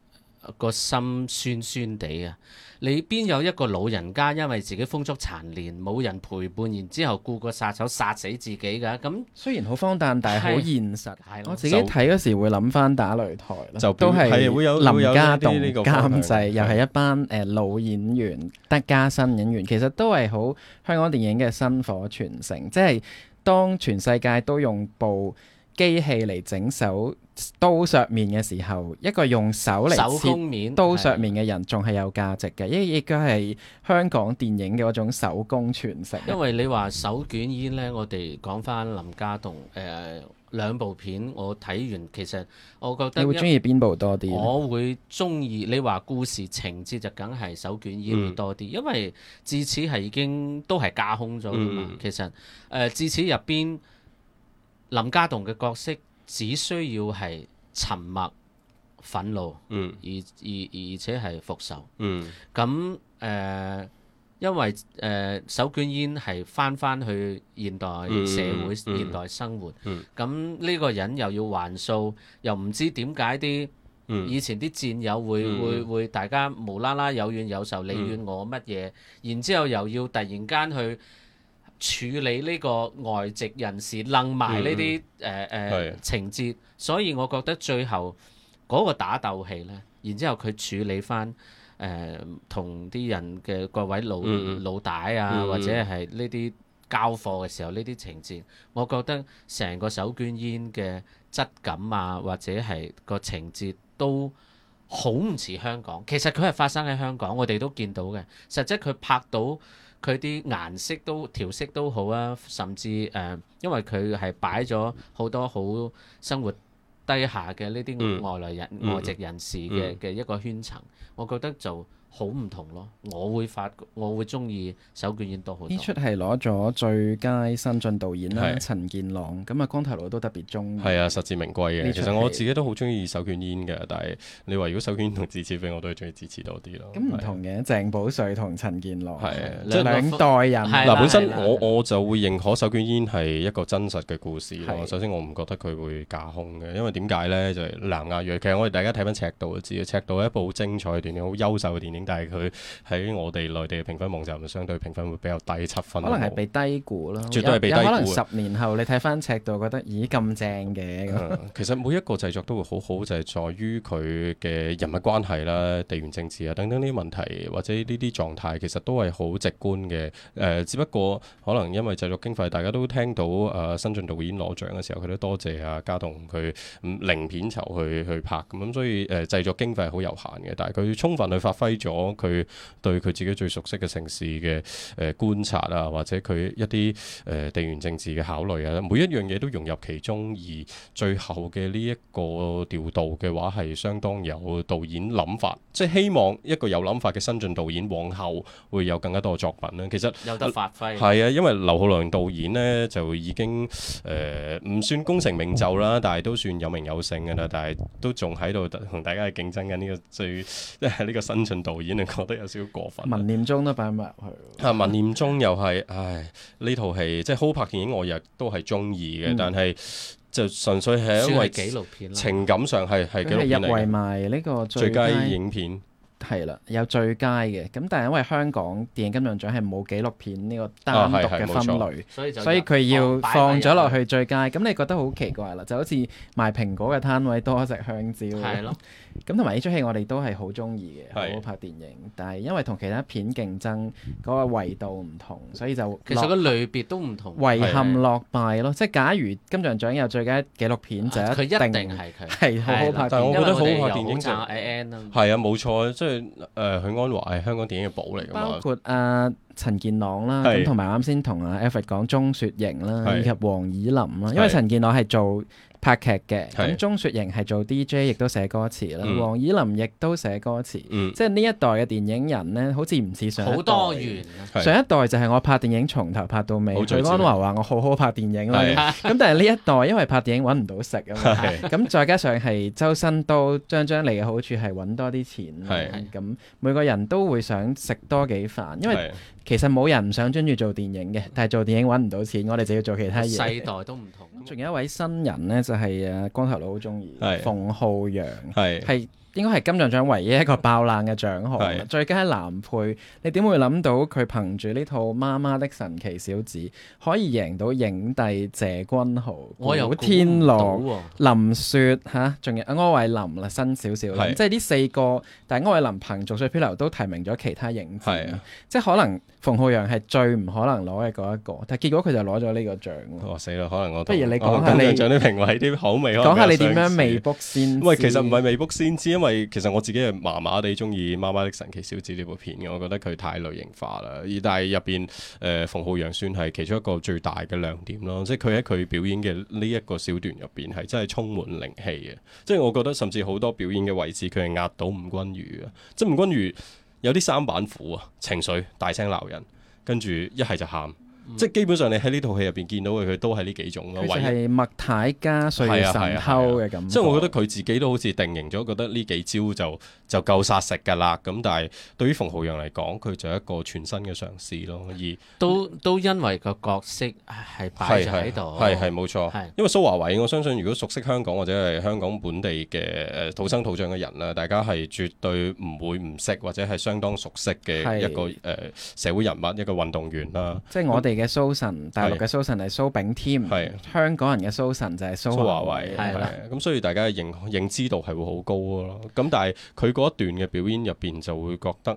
[SPEAKER 2] 個心酸酸地啊！你邊有一個老人家因為自己風燭殘年冇人陪伴，然之後雇個殺手殺死自己噶？咁
[SPEAKER 1] 雖然好荒誕，但係好現實。係是我自己睇嗰時會諗翻打擂台就比都係會有林家棟監製，又係一班誒、呃、老演員、得加新演員，其實都係好香港電影嘅薪火傳承，即係。當全世界都用部機器嚟整手刀削麵嘅時候，一個用手嚟手工麵刀削麵嘅人仲係有價值嘅，因為亦都係香港電影嘅嗰種手工傳承。因
[SPEAKER 2] 為你話手捲煙呢，我哋講翻林家棟誒。呃兩部片我睇完，其實我覺得你會中意邊部多啲？我會中意你話故事情節就梗係手捲煙多啲，嗯、因為智齒係已經都係架空咗㗎嘛。嗯、其實誒、呃，智齒入邊，林家棟嘅角色只需要係沉默、憤怒，嗯、而而而，而且係復仇。嗯，嗯，咁、呃、誒。因為誒、呃、手捲煙係返返去現代社會、嗯嗯、現代生活，咁呢、嗯、個人又要還數，又唔知點解啲以前啲戰友會、嗯、會會大家無啦啦有怨有仇，你怨我乜嘢，然之後又要突然間去處理呢個外籍人士楞埋呢啲誒誒情節，嗯嗯、所以我覺得最後嗰個打鬥戲呢，然之後佢處理返。誒同啲人嘅各位老、嗯、老大啊，或者係呢啲交貨嘅時候呢啲情節，我覺得成個手捲煙嘅質感啊，或者係個情節都好唔似香港。其實佢係發生喺香港，我哋都見到嘅。實際佢拍到佢啲顏色都調色都好啊，甚至誒、呃，因為佢係擺咗好多好生活。低下嘅呢啲外來人、嗯、外籍人士嘅嘅、嗯、一個圈層，我覺得就。好唔同咯，我會發，我會中意手捲煙多好多。呢出
[SPEAKER 1] 係攞咗最佳新晉導演啦，是陳健朗。咁啊，光頭佬都特別中意。係啊，
[SPEAKER 3] 實至名歸嘅。其實我自己都好中意手捲煙嘅，但係你話如果手捲煙同智齒比，我都係中意智齒多啲咯。
[SPEAKER 1] 咁唔同嘅，是鄭保瑞同陳健朗，係啊是，是兩代人嗱。啊啊啊、本身
[SPEAKER 3] 我我就會認可手捲煙係一個真實嘅故事、啊啊、首先我唔覺得佢會架空嘅，因為點解咧？就係南亞裔。其實我哋大家睇翻尺度都知，尺度一部好精彩嘅電影，好優秀嘅電影。但係佢喺我哋內地嘅評分網站，相對評分會比較低七分，可能係被
[SPEAKER 1] 低估咯。絕對係被低估。有可能十年後你睇翻尺度，覺得咦咁正嘅。嗯、
[SPEAKER 3] (laughs) 其實每一個製作都會好好，就係在於佢嘅人物關係啦、地緣政治啊等等呢啲問題，或者呢啲狀態，其實都係好直觀嘅。誒、呃，只不過可能因為製作經費，大家都聽到誒、呃、新進導演攞獎嘅時候，佢都多謝啊家棟佢零片酬去去拍咁，所以誒製、呃、作經費好有限嘅。但係佢充分去發揮咗佢對佢自己最熟悉嘅城市嘅誒、呃、觀察啊，或者佢一啲誒、呃、地緣政治嘅考慮啊，每一樣嘢都融入其中，而最後嘅呢一個調度嘅話係相當有導演諗法，即係希望一個有諗法嘅新晉導演，往後會有更加多嘅作品啦。其實有得發揮係啊，啊，因為劉浩良導演咧，就已經誒唔、呃、算功成名就啦，但係都算有名有姓㗎啦，但係都仲喺度同大家去競爭緊呢個最即係呢個新晉導。演你覺得有少少過分，
[SPEAKER 1] 文念中都擺埋入
[SPEAKER 3] 去。 (laughs) 文念中又係，唉，呢套戲即係好拍電影我，我亦都係中意嘅，但係就純粹係因為紀錄片，情感上係係紀錄片嚟嘅。入圍呢個最佳，最佳影片
[SPEAKER 1] 係啦，有最佳嘅，咁但係因為香港電影金像獎係冇紀錄片呢個單獨嘅分類，啊、所以所以佢要放咗落去最佳。咁、嗯、你覺得好奇怪啦，就好似賣蘋果嘅攤位多隻香蕉。係咯的。 (laughs) 咁同埋呢出戲我哋都係好中意嘅，好好拍電影，但係因為同其他片競爭嗰個維度唔同，所以就其實個類
[SPEAKER 2] 別都唔同，遺憾
[SPEAKER 1] 落敗咯。即係假如金像獎有最佳紀錄片就一定係佢，係好好拍，
[SPEAKER 2] 但係我覺得好拍電影就
[SPEAKER 3] 係啊，冇錯即係誒，許鞍華係香港電影嘅寶
[SPEAKER 1] 嚟㗎嘛。包括啊陳健朗啦，咁同埋啱先同阿 Alfred 講鍾雪瑩啦，以及黃綺琳啦，因為陳健朗係做。拍劇嘅，咁鍾是雪瑩係做 DJ，亦都寫歌詞啦。黃綺、嗯、林亦都寫歌詞，嗯、即係呢一代嘅電影人呢，好似唔似上一代好多
[SPEAKER 2] 元，啊。上一
[SPEAKER 1] 代就係我拍電影從頭拍到尾，是許鞍華話我好好拍電影啦。咁是但係呢一代因為拍電影揾唔到食啊，咁是再加上係周身都將將嚟嘅好處係揾多啲錢，咁是是每個人都會想食多幾飯，因為。其實冇人唔想專注做電影嘅，但係做電影揾唔到錢，我哋就要做其他嘢。世
[SPEAKER 2] 代都唔同。
[SPEAKER 1] 仲有一位新人呢，就係、是、誒光頭佬好中意，馮皓的揚，係的應該係金像獎唯一一個爆冷嘅獎項，的最佳男配。你點會諗到佢憑住呢套《媽媽的神奇小子》可以贏到影帝？謝君豪、我有天樂羅、林雪嚇，仲有柯煒林啦，新少少，的即係呢四個。但係柯煒林憑《濁水漂流》都提名咗其他影帝，的即係可能。馮浩洋係最唔可能攞嘅嗰一個，但係結果佢就攞咗呢個獎。
[SPEAKER 3] 哦，死啦！可能我不如你講下你獎啲評委啲口味，講下你點樣次未卜先知。喂，其實唔係未卜先知，因為其實我自己係麻麻地中意《媽媽的神奇小子》呢部片嘅，我覺得佢太類型化啦。而但係入邊，誒、呃，馮浩洋算係其中一個最大嘅亮點咯。即係佢喺佢表演嘅呢一個小段入邊，係真係充滿靈氣嘅。即係我覺得甚至好多表演嘅位置，佢係壓到吳君如啊！即係吳君如。有啲三板斧啊，情緒大聲鬧人，跟住一係就喊。即係基本上你喺呢套戲入邊見到嘅佢都係呢幾種咯，其實係
[SPEAKER 1] 麥太加歲月神偷嘅咁。啊啊啊、即係我覺
[SPEAKER 3] 得佢自己都好似定型咗，覺得呢幾招就就夠殺食噶啦。咁但係對於馮皓揚嚟講，佢就一個全新嘅嘗試咯。而都都因為個角色係擺喺度，係係冇錯，是是是因為蘇樺偉我相信如果熟悉香港或者係香港本地嘅土生土長嘅人啦，大家係絕對唔會唔識或者係相當熟悉嘅一個誒是、呃、社會人物一個運動員啦。即係我哋。
[SPEAKER 1] 嘅蘇神，大陸嘅蘇神係蘇炳添，的香港人嘅蘇神就係蘇樺偉，
[SPEAKER 3] 咁所以大家嘅認認知度係會好高咯。咁但係佢嗰一段嘅表演入邊，就會覺得誒、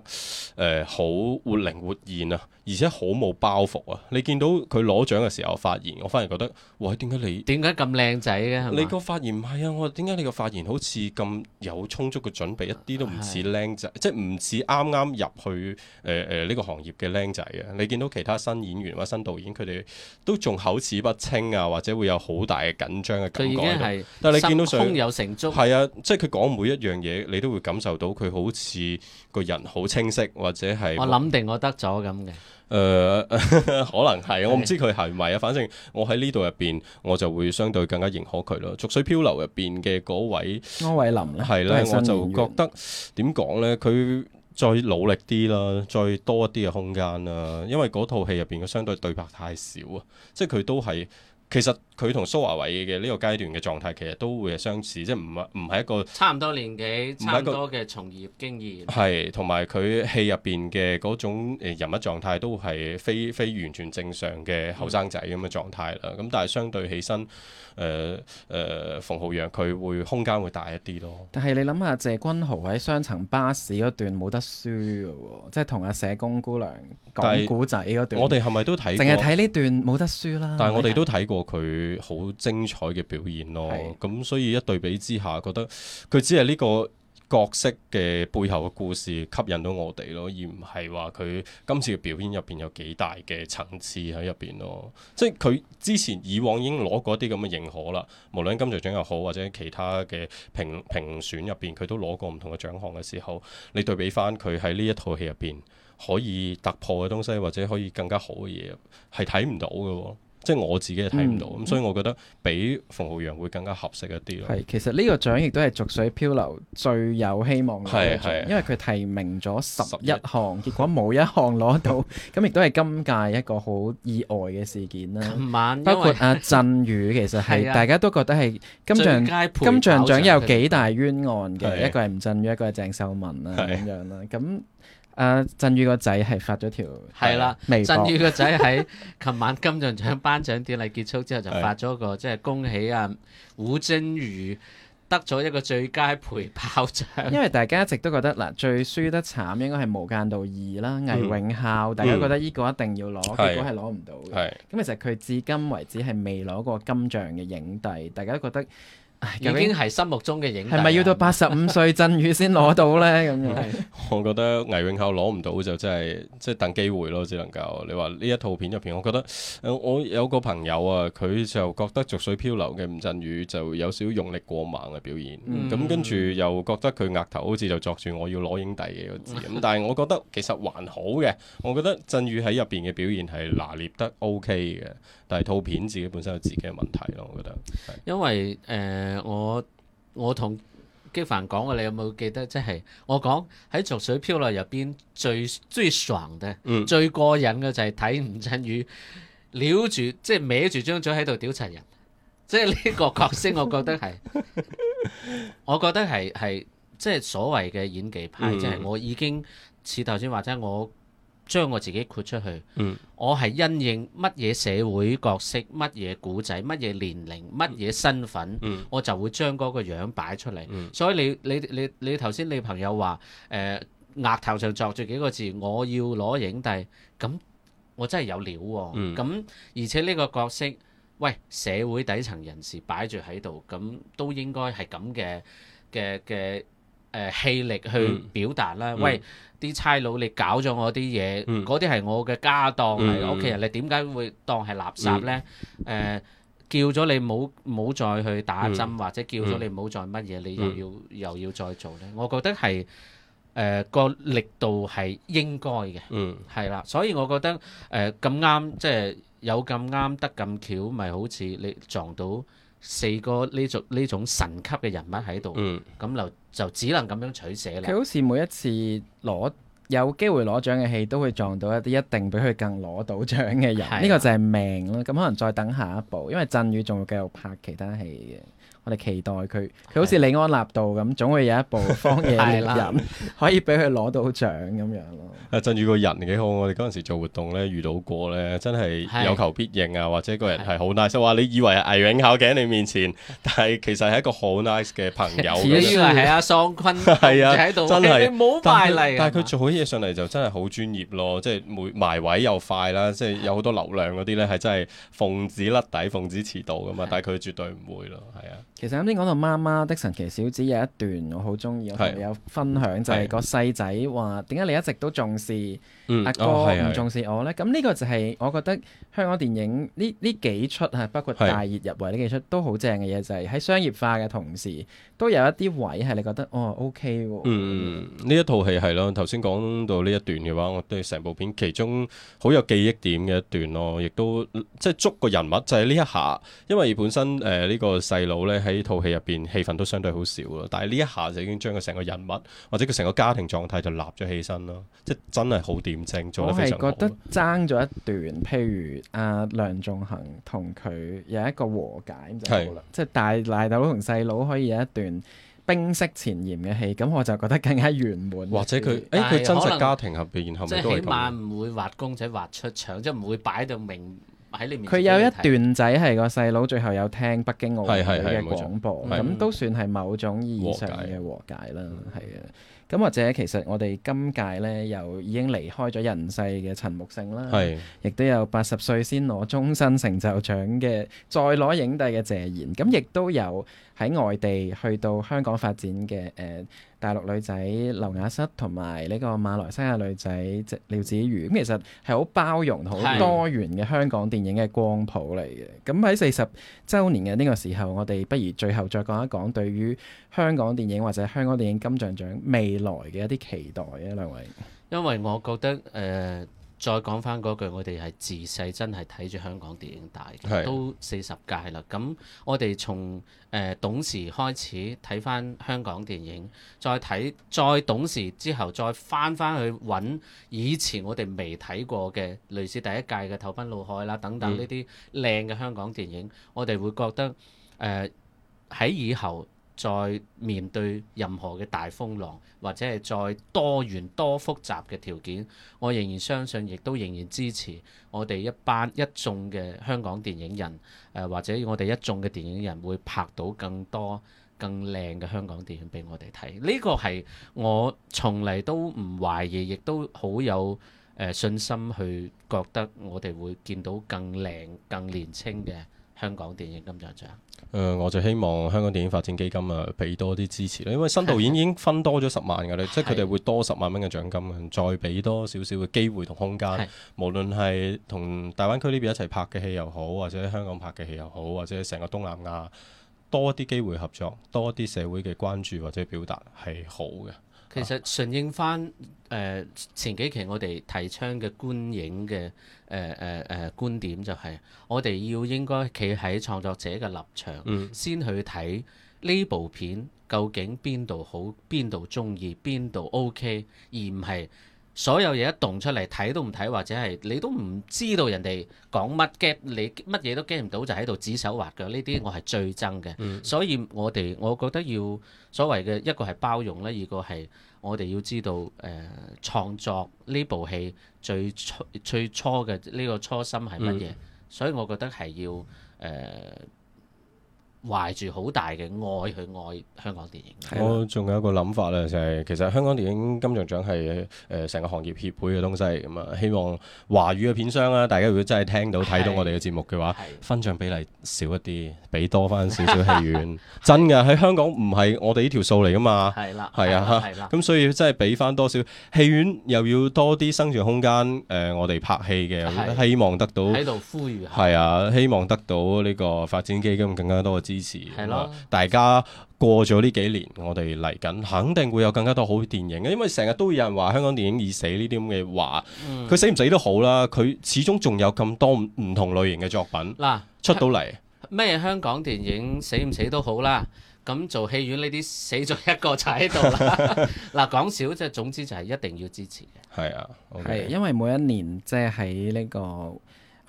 [SPEAKER 3] 呃、好活靈活現啊！而且好冇包袱啊！你見到佢攞獎嘅時候發言，我反
[SPEAKER 2] 而覺得，喂，點解你點解咁靚仔嘅？麼
[SPEAKER 3] 麼你個發言唔係啊！我話點解你個發言好似咁有充足嘅準備，一啲都唔似靚仔，係嘅即係唔似啱啱入去誒誒呢個行業嘅靚仔啊！你見到其他新演員或者新導演，佢哋都仲口齒不清啊，或者會有好大嘅緊張嘅感覺。但係你見到上胸有成竹係啊！即係佢講每一樣嘢，你都會感受到佢好似個人好清晰，或者係我諗
[SPEAKER 2] 定我得咗咁嘅。
[SPEAKER 3] 誒、呃、可能係啊，我唔知佢係咪啊，的反正我喺呢度入邊我就會相對更加認可佢咯。濁水漂流入邊嘅嗰位
[SPEAKER 1] 柯煒林咧、啊，係咧的我就覺
[SPEAKER 3] 得點講咧，佢再努力啲啦，再多一啲嘅空間啦，因為嗰套戲入邊嘅相對對白太少啊，即係佢都係其實。佢同蘇樺偉嘅呢個階段嘅狀態其實都會係相似，即係唔係唔係一個
[SPEAKER 2] 差唔多年紀、差唔多嘅從業經驗，
[SPEAKER 3] 係同埋佢戲入邊嘅嗰種人物狀態都係非非完全正常嘅後生仔咁嘅狀態啦。咁、嗯、但係相對起身，誒、呃、誒、呃、馮皓揚佢會空間會大一啲咯。
[SPEAKER 1] 但係你諗下，謝君豪喺雙層巴士嗰段冇得輸嘅喎，即係同阿社工姑娘講古仔嗰段，我哋係咪都睇過？淨係睇呢段冇得輸啦。但係我哋都睇
[SPEAKER 3] 過佢。好精彩嘅表演咯，咁的、嗯、所以一對比之下，覺得佢只係呢個角色嘅背後嘅故事吸引到我哋咯，而唔係話佢今次嘅表演入邊有幾大嘅層次喺入邊咯。即係佢之前以往已經攞過一啲咁嘅認可啦，無論金像獎又好，或者其他嘅評評選入邊，佢都攞過唔同嘅獎項嘅時候，你對比翻佢喺呢一套戲入邊可以突破嘅東西，或者可以更加好嘅嘢，係睇唔到嘅。即係我自己係睇唔到，咁所以我覺得比馮浩洋會更加合適一啲咯。係，
[SPEAKER 1] 其實呢個獎亦都係《濁水漂流》最有希望嘅獎，因為佢提名咗十一項，結果冇一項攞到，咁亦都係今屆一個好意外嘅事件啦。琴晚，包括阿鎮宇其實係大家都覺得係金像金像獎有幾大冤案嘅，一個係吳鎮宇，一個係鄭秀文啦咁樣啦，咁。誒，鎮宇個仔係發咗條係啦，鎮宇個仔喺
[SPEAKER 2] 琴晚金像獎頒獎典禮結束之後就發咗個的即係恭喜啊，吳鎮宇得咗一個最佳
[SPEAKER 1] 陪跑獎。因為大家一直都覺得嗱，最輸得慘應該係無間道二啦，倪永孝，嗯、大家覺得呢個一定要攞，嗯、結果係攞唔到嘅。咁的的其實佢至今為止係未攞過金像嘅影帝，大家都覺得。究竟已經係心目中嘅影帝、啊。係咪要到八十五歲，鎮宇先攞到呢？咁啊，我覺得魏永孝攞唔到就真係
[SPEAKER 3] 即係等機會咯，只能夠。你話呢一套片入邊，我覺得、嗯、我有個朋友啊，佢就覺得《濁水漂流》嘅吳鎮宇就有少少用力過猛嘅表現。咁、嗯嗯嗯、跟住又覺得佢額頭好似就作住我要攞影帝嘅個字。咁 (laughs) 但係我覺得其實還好嘅，我覺得鎮宇喺入邊嘅表現係拿捏得 OK 嘅。 (music) 呃、有有就係套片自己本
[SPEAKER 2] 身有自己嘅問題咯，我，嗯、我覺得。因為誒，我我同擊凡講嘅，你有冇記得？即係我講喺《濁水漂流》入邊最最爽嘅、最過癮嘅就係睇吳鎮宇撩住即係歪住張嘴喺度屌柒人，即係呢個角色，我覺得係，我覺得係係即係所謂嘅演技派，即係、嗯、我已經似頭先話齋我。將我自己豁出去，嗯、我係因應乜嘢社會角色、乜嘢古仔、乜嘢年齡、乜嘢身份，嗯嗯、我就會將嗰個樣擺出嚟。嗯、所以你你你你頭先你，你朋友話誒、呃、額頭上鑿住幾個字，我要攞影帝，咁我真係有料喎、啊。咁、嗯、而且呢個角色，喂社會底層人士擺住喺度，咁都應該係咁嘅嘅嘅。誒氣力去表達啦，嗯、喂！啲差佬你搞咗我啲嘢，嗰啲係我嘅家當，係屋企人，你點解會當係垃圾呢？誒、嗯呃，叫咗你冇冇再去打針，嗯、或者叫咗你冇再乜嘢，你又要、嗯、又要再做呢？我覺得係誒個力度係應該嘅，係啦、嗯，所以我覺得誒咁啱，即係有咁啱得咁巧，咪好似你撞到。四個呢種呢種神級嘅人物喺度，咁就、嗯、就只能咁樣取捨啦。佢好似
[SPEAKER 1] 每一次攞有機會攞獎嘅戲，都會撞到一啲一定比佢更攞到獎嘅人。呢個就係命囉。咁可能再等下一部，因為鎮宇仲要繼續拍其他戲嘅。我哋期待佢，佢好似李安納度咁，總會有一部荒野獵人可以俾佢攞到獎咁樣咯。啊，振宇個人
[SPEAKER 3] 幾好，我哋嗰陣時做活動咧遇到過咧，真係有求必應啊，或者個人係好 nice，話你以為倪永孝喺你面前，但係其實係一個好 nice 嘅朋友。自己以為係阿
[SPEAKER 2] 桑坤控制喺度，真係你冇埋嚟。但係
[SPEAKER 3] 佢做好嘢上嚟就真係好專業咯，即係每埋位又快啦，即係有好多流量嗰啲咧係真係奉旨甩底，奉旨遲到噶嘛，但係佢絕對唔會咯，係啊。
[SPEAKER 1] 其實啱先講到媽媽的神奇小子有一段我好中意，我同你有分享是的 就係個細仔話，點解你一直都重視？阿、嗯、哥唔重視我咧，咁呢、嗯、個就係我覺得香港電影呢呢幾出啊，包括大熱入圍呢幾出是都好正嘅嘢，就係、是、喺商業化嘅同時，都有一啲位係你覺得哦 O K 喎。Okay、嗯呢、
[SPEAKER 3] 嗯、一套戲係咯、啊，頭先講到呢一段嘅話，我對成部片其中好有記憶點嘅一段咯、啊，亦都即係捉個人物就係、是、呢一下，因為本身誒呢、呃呢個細佬咧喺套戲入邊戲份都相對好少咯、啊，但係呢一下就已經將佢成個人物或者佢成個家庭狀態就立咗起身咯，即係真係好掂。我係覺
[SPEAKER 1] 得爭咗一段，譬如阿梁仲恒同佢有一個和解就，就是即係大賴豆佬同細佬可以有一段冰釋前嫌嘅戲，咁我就覺得更加圓滿。或者佢，誒、欸、佢真實家
[SPEAKER 3] 庭入面，然後
[SPEAKER 1] 唔係即係起碼
[SPEAKER 2] 唔會畫公仔畫出腸，即係唔會擺到明喺裡面。佢有一
[SPEAKER 1] 段仔係個細佬，最後有聽北京奧運嘅廣播，咁、嗯、都算係某種意義上嘅和解啦。係啊、嗯。咁或者其實我哋今屆咧，又已經離開咗人世嘅陳木勝啦，亦是都有八十歲先攞終身成就獎嘅、再攞影帝嘅謝賢，咁亦都有喺外地去到香港發展嘅誒。呃大陸女仔劉雅瑟同埋呢個馬來西亞女仔廖子妤，咁其實係好包容、好多元嘅香港電影嘅光譜嚟嘅。咁喺四十週年嘅呢個時候，我哋不如最後再講一講對於香港電影或者香港電影金像獎未來嘅一啲期待啊，兩位。
[SPEAKER 2] 因為我覺得誒。呃再講翻嗰句，我哋係自細真係睇住香港電影大嘅，的都四十屆啦。咁我哋從誒懂、呃、事開始睇翻香港電影，再睇再董事之後，再翻翻去揾以前我哋未睇過嘅，類似第一屆嘅《投奔怒海》啦，等等呢啲靚嘅香港電影，嗯、我哋會覺得誒喺、呃、以後。再面對任何嘅大風浪，或者係再多元多複雜嘅條件，我仍然相信，亦都仍然支持我哋一班一眾嘅香港電影人，誒、呃、或者我哋一眾嘅電影人會拍到更多更靚嘅香港電影俾我哋睇。呢、這個係我從嚟都唔懷疑，亦都好有誒、呃、信心去覺得我哋會見到更靚更年輕嘅。香港電影金像獎，
[SPEAKER 3] 誒、呃，我就希望香港電影發展基金誒，俾多啲支持啦，因為新導演已經分多咗十萬㗎喇，的即係佢哋會多十萬蚊嘅獎金，再俾多少少嘅機會同空間，的無論係同大灣區呢邊一齊拍嘅戲又好，或者香港拍嘅戲又好，或者成個東南亞多啲機會合作，多啲社會嘅關注或者表達係好嘅。
[SPEAKER 2] 其實順應返誒、呃、前幾期我哋提倡嘅觀影嘅誒誒誒觀點，就係我哋要應該企喺創作者嘅立場，先去睇呢部片究竟邊度好、邊度鍾意、邊度 OK，而唔係。所有嘢一動出嚟睇都唔睇，或者係你都唔知道人哋講乜嘢，你乜嘢都 get 唔到，就喺度指手畫腳。呢啲我係最憎嘅，嗯、所以我哋我覺得要所謂嘅一個係包容呢，二個係我哋要知道誒、呃、創作呢部戲最初最初嘅呢、呢個初心係乜嘢，嗯、所以我覺得係要誒。呃懷住好大嘅愛去愛香港電影。我仲
[SPEAKER 3] 有一個諗法咧，就係其實香港電影金像獎係誒成個行業協會嘅東西咁啊，希望華語嘅片商啦，大家如果真係聽到睇是的 到我哋嘅節目嘅話，是的 分賬比例少一啲，俾多翻少少戲院。真㗎，喺香港唔係我哋呢條數嚟噶嘛。係啦，係啊，咁所以真係俾翻多少戲院，又要多啲生存空間誒、呃，我哋拍戲嘅是的 希望得到喺度呼籲。係啊的，希望得到呢個發展基金更加多嘅資。支持大家過咗呢幾年，我哋嚟緊肯定會有更加多好電影嘅，因為成日都會有人話香港電影已死呢啲咁嘅話，佢、嗯、死唔死都好啦，佢始終仲有咁多唔同類型嘅作品
[SPEAKER 2] 嗱、啊、出到來嚟。咩香港電影死唔死都好啦，咁做戲院呢啲死咗一個就喺度啦。嗱、 (laughs) 啊、講少啫，總之就係一定要支持嘅。係啊，係、okay.
[SPEAKER 1] 因為每一年即係喺呢個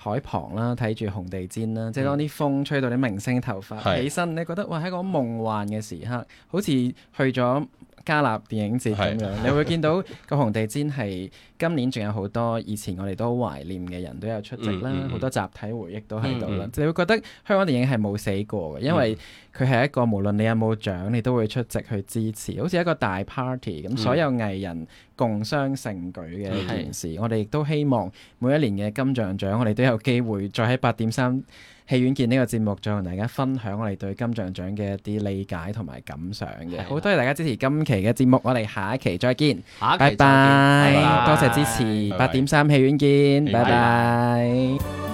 [SPEAKER 1] 海旁啦，睇住紅地氈啦，即係當啲風吹到啲明星頭髮起身，嗯、你覺得哇，喺個夢幻嘅時刻，好似去咗戛納電影節咁樣，嗯、你會見到個紅地氈係。今年仲有好多以前我哋都好懷念嘅人都有出席啦，好、嗯嗯、多集體回憶都喺度啦，嗯嗯、你會覺得香港電影係冇死過，嘅、嗯，因為佢係一個無論你有冇獎你都會出席去支持，好似一個大 party 咁，所有藝人共襄盛舉嘅一件事。嗯、我哋亦都希望每一年嘅金像獎我哋都有機會再喺八點三戲院見呢個節目，再同大家分享我哋對金像獎嘅一啲理解同埋感想嘅。啊、好多謝大家支持今期嘅節目，我哋下一期再見，再見拜拜，拜拜多謝。支持八點三戲院見，見，拜拜。見